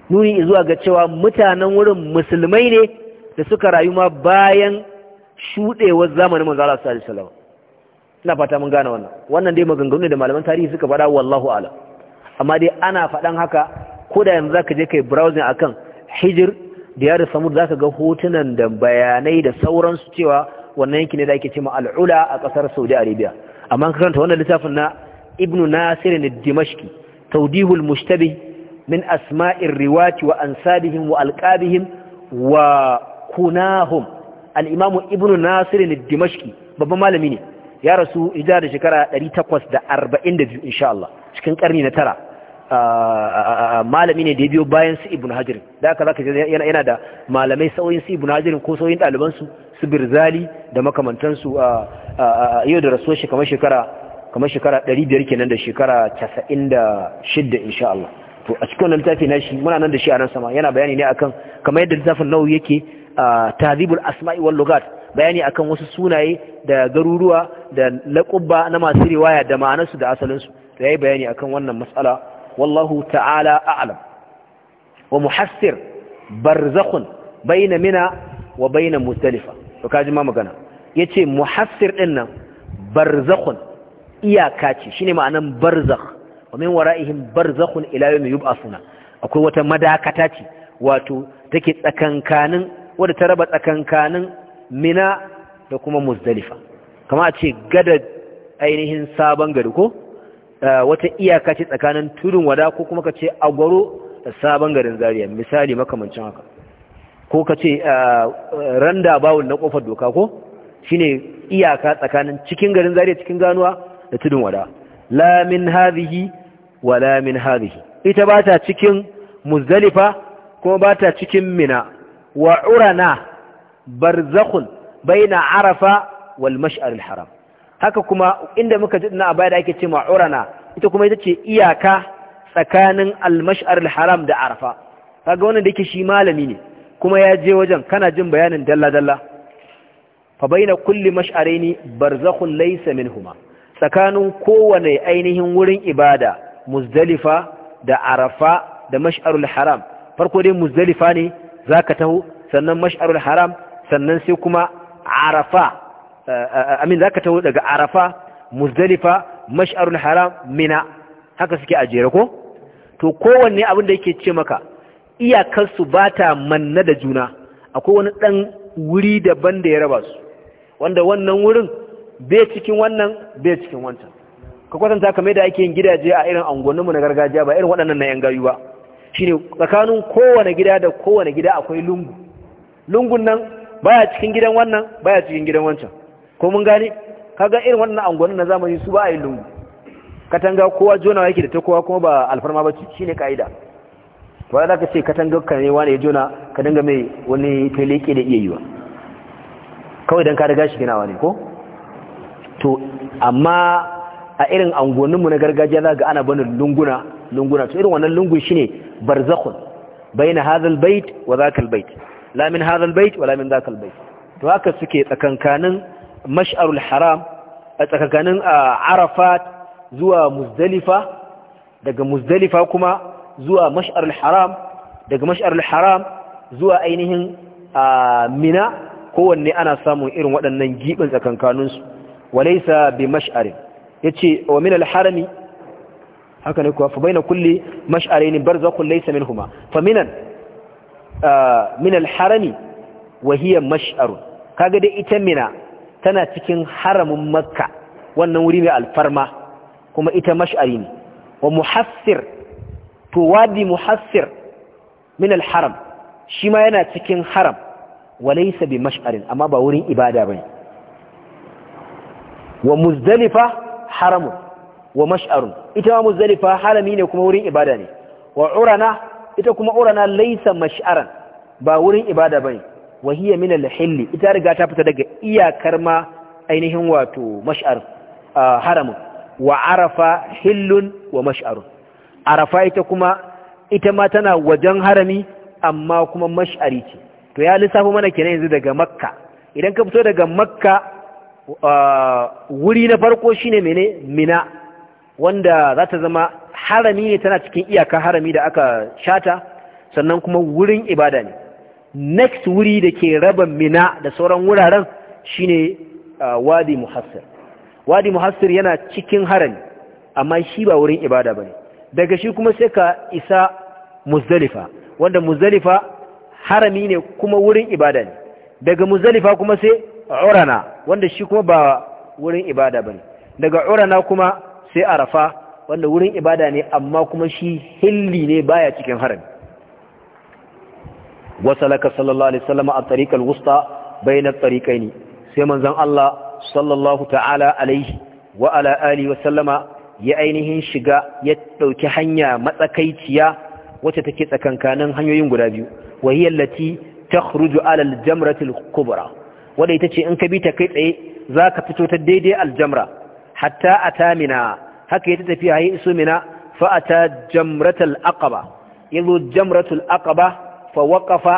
nuni zuwa ga cewa mutanen wurin musulmai ne da suka rayu ma bayan shudewar zamanin manzo Allah sallallahu alaihi wasallam ina fata mun gane wannan wannan dai maganganu ne da malaman tarihi suka faɗa wallahu a'lam amma dai ana faɗan haka ko da yanzu zaka je kai browsing akan hijir diyar samud zaka ga hotunan da bayanai da sauransu cewa wannan yankin ne da ake cewa al'ula a kasar Saudi Arabia amma ka karanta wannan littafin na Ibn Nasir al-Dimashqi tawdihul mushtabih min asma'ir riwati wa ansabihim wa alqabihim wa kunahum al'imamu Ibn nasirin dimashki babban malami ne ya rasu ija da shekara 842 insha Allah cikin karni na tara ah, ah, ah, malami ne da ya biyo bayan su Ibn hajirin da aka zaka yana da malamai sauyin su Ibn hajirin ko sauyin ɗalibansu su birzali da makamantansu a yau da rasuwar shi kamar shekara kamar shekara 500 kenan da shekara 96 insha Allah to a cikin wannan littafi na shi muna nan da shi a nan sama yana bayani ne akan kamar yadda littafin nawawi yake tazibul asma'i wal lugat bayani akan wasu sunaye da garuruwa da laƙubba na masu riwaya da ma'anarsu da asalinsu to yayi bayani akan wannan matsala wallahu ta'ala a'lam wa muhassir barzakhun baina mina wa baina muzdalifa to kaji ma magana yace muhassir din nan barzakhun iyaka ce shine ma'anan barzakh wa min wara'ihim barzakhun ila yawmi yub'athuna akwai wata madakata ce wato take tsakankanin wadda ta raba tsakankanin mina da kuma muzdalifa kama a ce gada ainihin sabon gari ko eh, wata iyaka ce tsakanin tudun wada ko kuma ka ce agwaro da sabon garin zariya misali makamancin haka ko ka ce eh, eh, randa bawul na kofar doka ko shine iyaka tsakanin cikin garin zariya cikin ganuwa da tudun wada Lamin min hadhihi wa la min hadhihi ita ba ta cikin muzdalifa kuma ba ta cikin mina wa urana baina arafa wal mash'ar haram haka kuma inda muka ji na baya da ake ce ma'urana ita kuma ita ce iyaka tsakanin al mash'ar haram da arafa kaga wannan da yake shi malami ne kuma ya je wajen kana jin bayanin dalla dalla fa baina kulli mash'araini barzakhun laysa minhuma tsakanin kowane ainihin wurin ibada muzdalifa da arafa da mash'arul haram farko dai muzdalifa ne za ka taho sannan mashar haram sannan sai kuma arafa eh, eh, eh, amin za ka taho daga arafa muzdalifa mashar haram mina haka suke a jere ko to kowanne abin da yake ce maka iyakarsu ba ta manna da juna akwai wani ɗan wuri daban da ya raba su wanda wannan wurin bai cikin wannan bai cikin wancan ka kwatanta kamar da ake yin gidaje a irin angoninmu na gargajiya ba irin waɗannan na 'yan gayu ba shine tsakanin kowane gida da kowane gida akwai lungu lungun nan baya cikin gidan wannan baya cikin gidan wancan ko mun gane kaga irin wannan angonin na zamani su ba a yi lungu katanga kowa jona yake da ta kowa kuma ba alfarma ba shine kaida ba za ka ce katangar ka ne wani jona ka dinga mai wani feleke da iya yiwa kawai don ka riga shi gina ne ko to amma a irin angoninmu na gargajiya za ga ana banin lunguna lunguna to irin wannan lungun shine barzakhun baina hadha albayt wa dhaka albayt la min hadha albayt wa la min to haka suke tsakankanin mash'arul haram a tsakankanin arafat zuwa muzdalifa daga muzdalifa kuma zuwa mash'arul haram daga mash'arul haram zuwa ainihin mina kowanne ana samun irin waɗannan gibin tsakankaninsu walaisa bi mash'arin yace wa min harami haka ne kuwa fa baina kulli mash'arain barzakhun laysa minhuma fa minan ah, min al-harami wa hiya mash'arun kaga dai ita mina tana cikin haramin makka wannan wuri mai alfarma kuma ita mash'ari ne wa muhassir to wadi muhassir min al-haram shi ma yana cikin haram wa laysa bi mash'arin amma ba wurin ibada bane wa muzdalifa haramun wa mash'arun ita ma muzdalifa harami ne kuma wurin ibada ne wa urana ita kuma urana laysa mash'aran ba wurin ibada bane wa hiya min al-hill ita riga ta fita daga iyakar ma ainihin wato mash'ar haramun wa arafa hillun wa mash'arun arafa ita kuma ita ma tana wajen harami amma kuma mash'ari ce to ya lissafo mana kenan yanzu daga makka idan ka fito daga makka wuri na farko shine mene mina wanda za ta zama harami ne tana cikin iyaka harami da aka shata sannan kuma wurin ibada ne next wuri da ke raba mina da sauran wuraren shine uh, wadi muhassir wadi muhassir yana cikin harami amma shi ba wurin ibada ba ne daga shi kuma sai ka isa muzdalifa wanda muzdalifa harami ne kuma wurin ibada ne daga muzdalifa kuma sai urana wanda shi kuma ba wurin ibada ba ne daga urana kuma sai arafa wanda wurin ibada ne amma kuma shi hilli ne baya cikin harami wasalaka sallallahu alaihi wasallam a tariqal wusta bayna tariqaini sai manzon Allah sallallahu ta'ala alaihi wa ala alihi sallama ya ainihin shiga ya dauki hanya matsakaiciya wacce take tsakankanin hanyoyin guda biyu wa hiya allati takhruju ala al kubra wanda ita ce in ka bi ta kai tsaye zaka fito ta daidai aljamra hatta a tamina haka ya tafiya ya iso mina fa jamratal jamratul aqaba zo jamratul aqaba fa waƙafa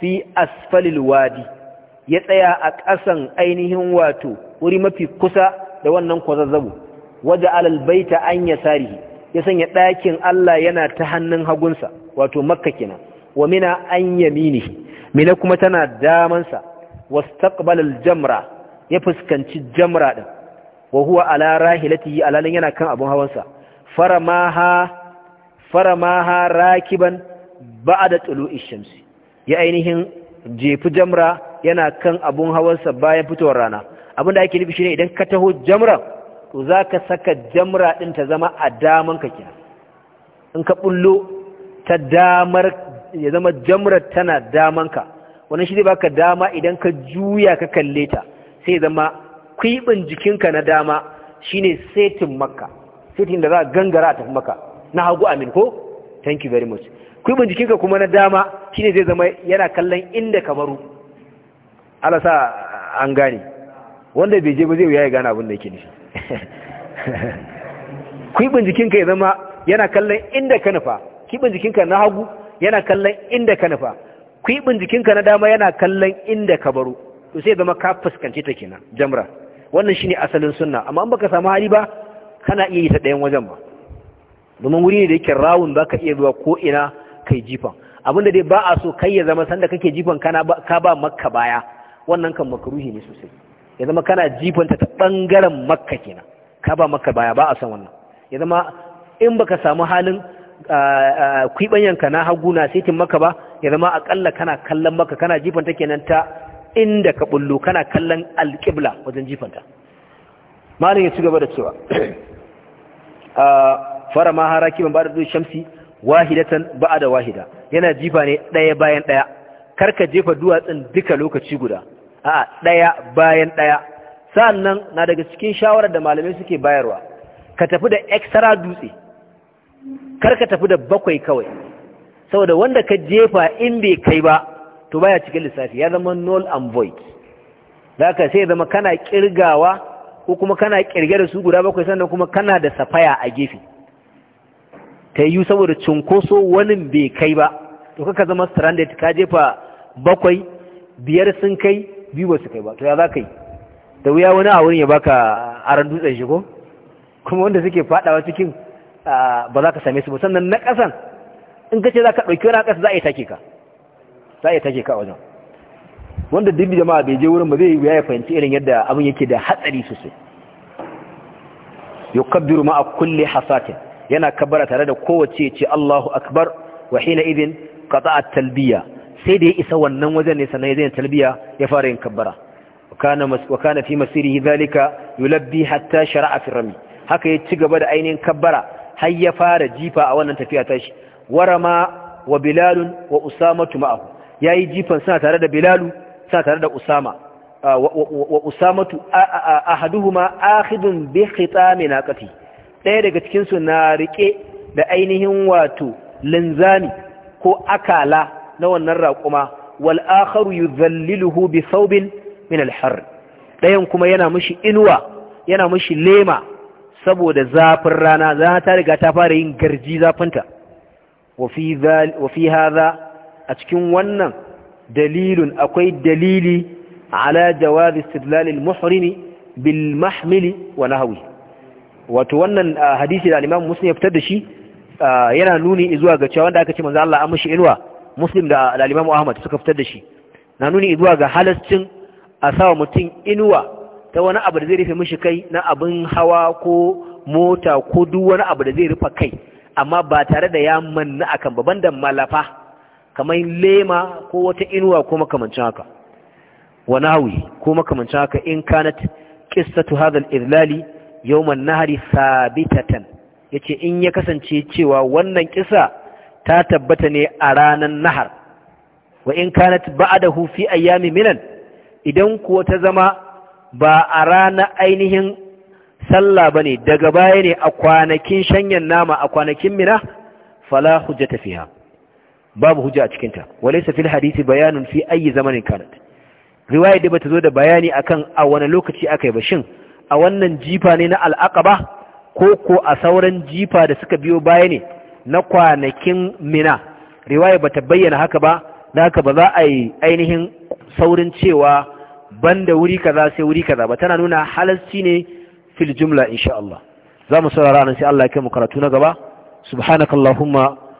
fi asfalil wadi ya tsaya a ƙasan ainihin wato wuri mafi kusa da wannan kwazazzabu waje alal baita an yasarihi ya sanya ɗakin Allah yana ta hannun hagunsa wato makka wa mina an yaminihi mina kuma tana damansa wastaqbala jamra ya fuskanci jamra ɗin. wa huwa ala rahilatihi alalan yana kan abun hawansa faramaha faramaha rakiban ba'da tulu'i shamsi ya ainihin jefi jamra yana kan abun hawansa bayan fitowar rana abin da ake nufi shine idan ka taho jamra to zaka saka jamra din ta zama a daman ka kina, in ka bullo ta damar ya zama jamrar tana daman ka wannan shi zai baka dama idan ka juya ka kalle ta sai zama kwiɓin jikinka na dama shine setin makka setin da za a gangara a tafi makka na hagu amin ko thank you very much kwiɓin jikinka kuma na dama shine zai zama yana kallon inda kamaru alasa an gane wanda bai je ba zai wuya ya gane abin da yake nishi kwiɓin jikinka ya zama yana kallon inda ka nufa kwiɓin jikinka na hagu yana kallon inda ka nufa kwiɓin jikinka na dama yana kallon inda ka baro to sai zama ka fuskanci ta kenan jamra wannan shine asalin sunna amma in baka samu hali ba kana iya yi ta ɗayan wajen ba domin wuri ne da yake rawun zaka iya zuwa ko ina kai jifan abinda dai ba a so kai ya zama sanda kake jifan kana ka ba makka baya wannan kan makruhi ne sosai ya zama kana jifanta ta bangaren makka kenan ka ba makka baya ba a san wannan ya zama in baka samu halin kwibanyanka na haguna saitin maka ba ya zama akalla kana kallon maka kana jifan ta kenan ta inda ka bullo kana kallon alƙibla wajen jifanta malin ya ci gaba da cewa fara ma haraki ba da shamsi wahidatan ba da wahida yana jifa ne ɗaya bayan ɗaya karka jefa duwatsun duka lokaci guda a ɗaya bayan ɗaya sannan na daga cikin shawarar da malamai suke bayarwa ka tafi da extra dutse karka tafi da bakwai kawai saboda wanda ka jefa in bai kai ba to baya cikin lissafi ya zama null and void zaka sai zama kana kirgawa ko kuma kana kirge da su guda bakwai sannan kuma kana da safaya a gefe ta yi saboda cunkoso wani bai kai ba to kaka zama stranded ka jefa bakwai biyar sun kai biyu ba su kai ba to ya za ka yi da wuya wani a wurin ya baka aran dutsen shi ko kuma wanda suke fadawa cikin ah, ba za ka same su ba sannan na ƙasan in ka ce za ka ɗauki wani ƙasa za a yi take ka za ya ka wajen wanda duk jama'a bai je wurin ba zai yi ya fahimci irin yadda abin yake da hatsari sosai yukabbiru ma'a kulli hasatin yana kabbara tare da kowace ce Allahu akbar wa hina idin a talbiya sai da ya isa wannan wajen ne sannan zai talbiya ya fara yin kabbara kana wa kana fi masirihi zalika yulabbi hatta shara'a fi rami haka ya ci gaba da ainihin kabbara har ya fara jifa a wannan tafiya tashi warama wa bilalun wa usamatu ma'ahu ya yi jifan suna tare da bilalu suna tare da usama wa usamatu ahaduhuma akhidun bi na naqati ɗaya daga cikinsu na riƙe da ainihin wato linzami ko akala na wannan raƙuma wal akharu yudhalliluhu bi saubin min alhar ɗayan kuma yana mishi inuwa yana mishi lema saboda zafin rana za ta riga ta fara yin garji zafinta wa fi haza. a cikin wannan dalilun akwai dalili ala jawaz istidlal al-muhrimi bil mahmil wa nahwi wato wannan hadisi da al-Imam Muslim ya fitar da shi yana nuni zuwa ga cewa wanda aka ce manzo Allah an mishi ilwa Muslim da al-Imam Ahmad suka fitar da shi na nuni zuwa ga halascin a sawa mutum inuwa ta wani abu da zai rufe mishi kai na abin hawa ko mota ko duk wani abu da zai rufe kai amma ba tare da ya manna akan babban da malafa kamar lema ko wata inuwa ko makamancin haka wa ko makamancin haka in kanat qissatu hadha al-idlali yawm sabitatan yace in ya kasance cewa wannan kisa ta tabbata ne a ranar nahar wa in kanat ba'dahu fi ayami minan idan kuwa ta zama ba a rana ainihin sallah bane daga baya ne a kwanakin shanyan nama a kwanakin mina fala hujjata fiha babu hujja a cikin ta walaysa fil hadisi bayanun fi ayi zamanin kanat riwaya da bata zo da bayani akan a wani lokaci akai ba shin a wannan jifa ne na al'aqaba ko ko a sauran jifa da suka biyo baya ne na kwanakin mina riwaya bata bayyana haka ba da haka ba za a yi ainihin saurin cewa banda wuri kaza sai wuri kaza ba tana nuna halarci ne fil jumla insha Allah za mu saurara nan sai Allah ya kai mu karatu na gaba subhanakallahumma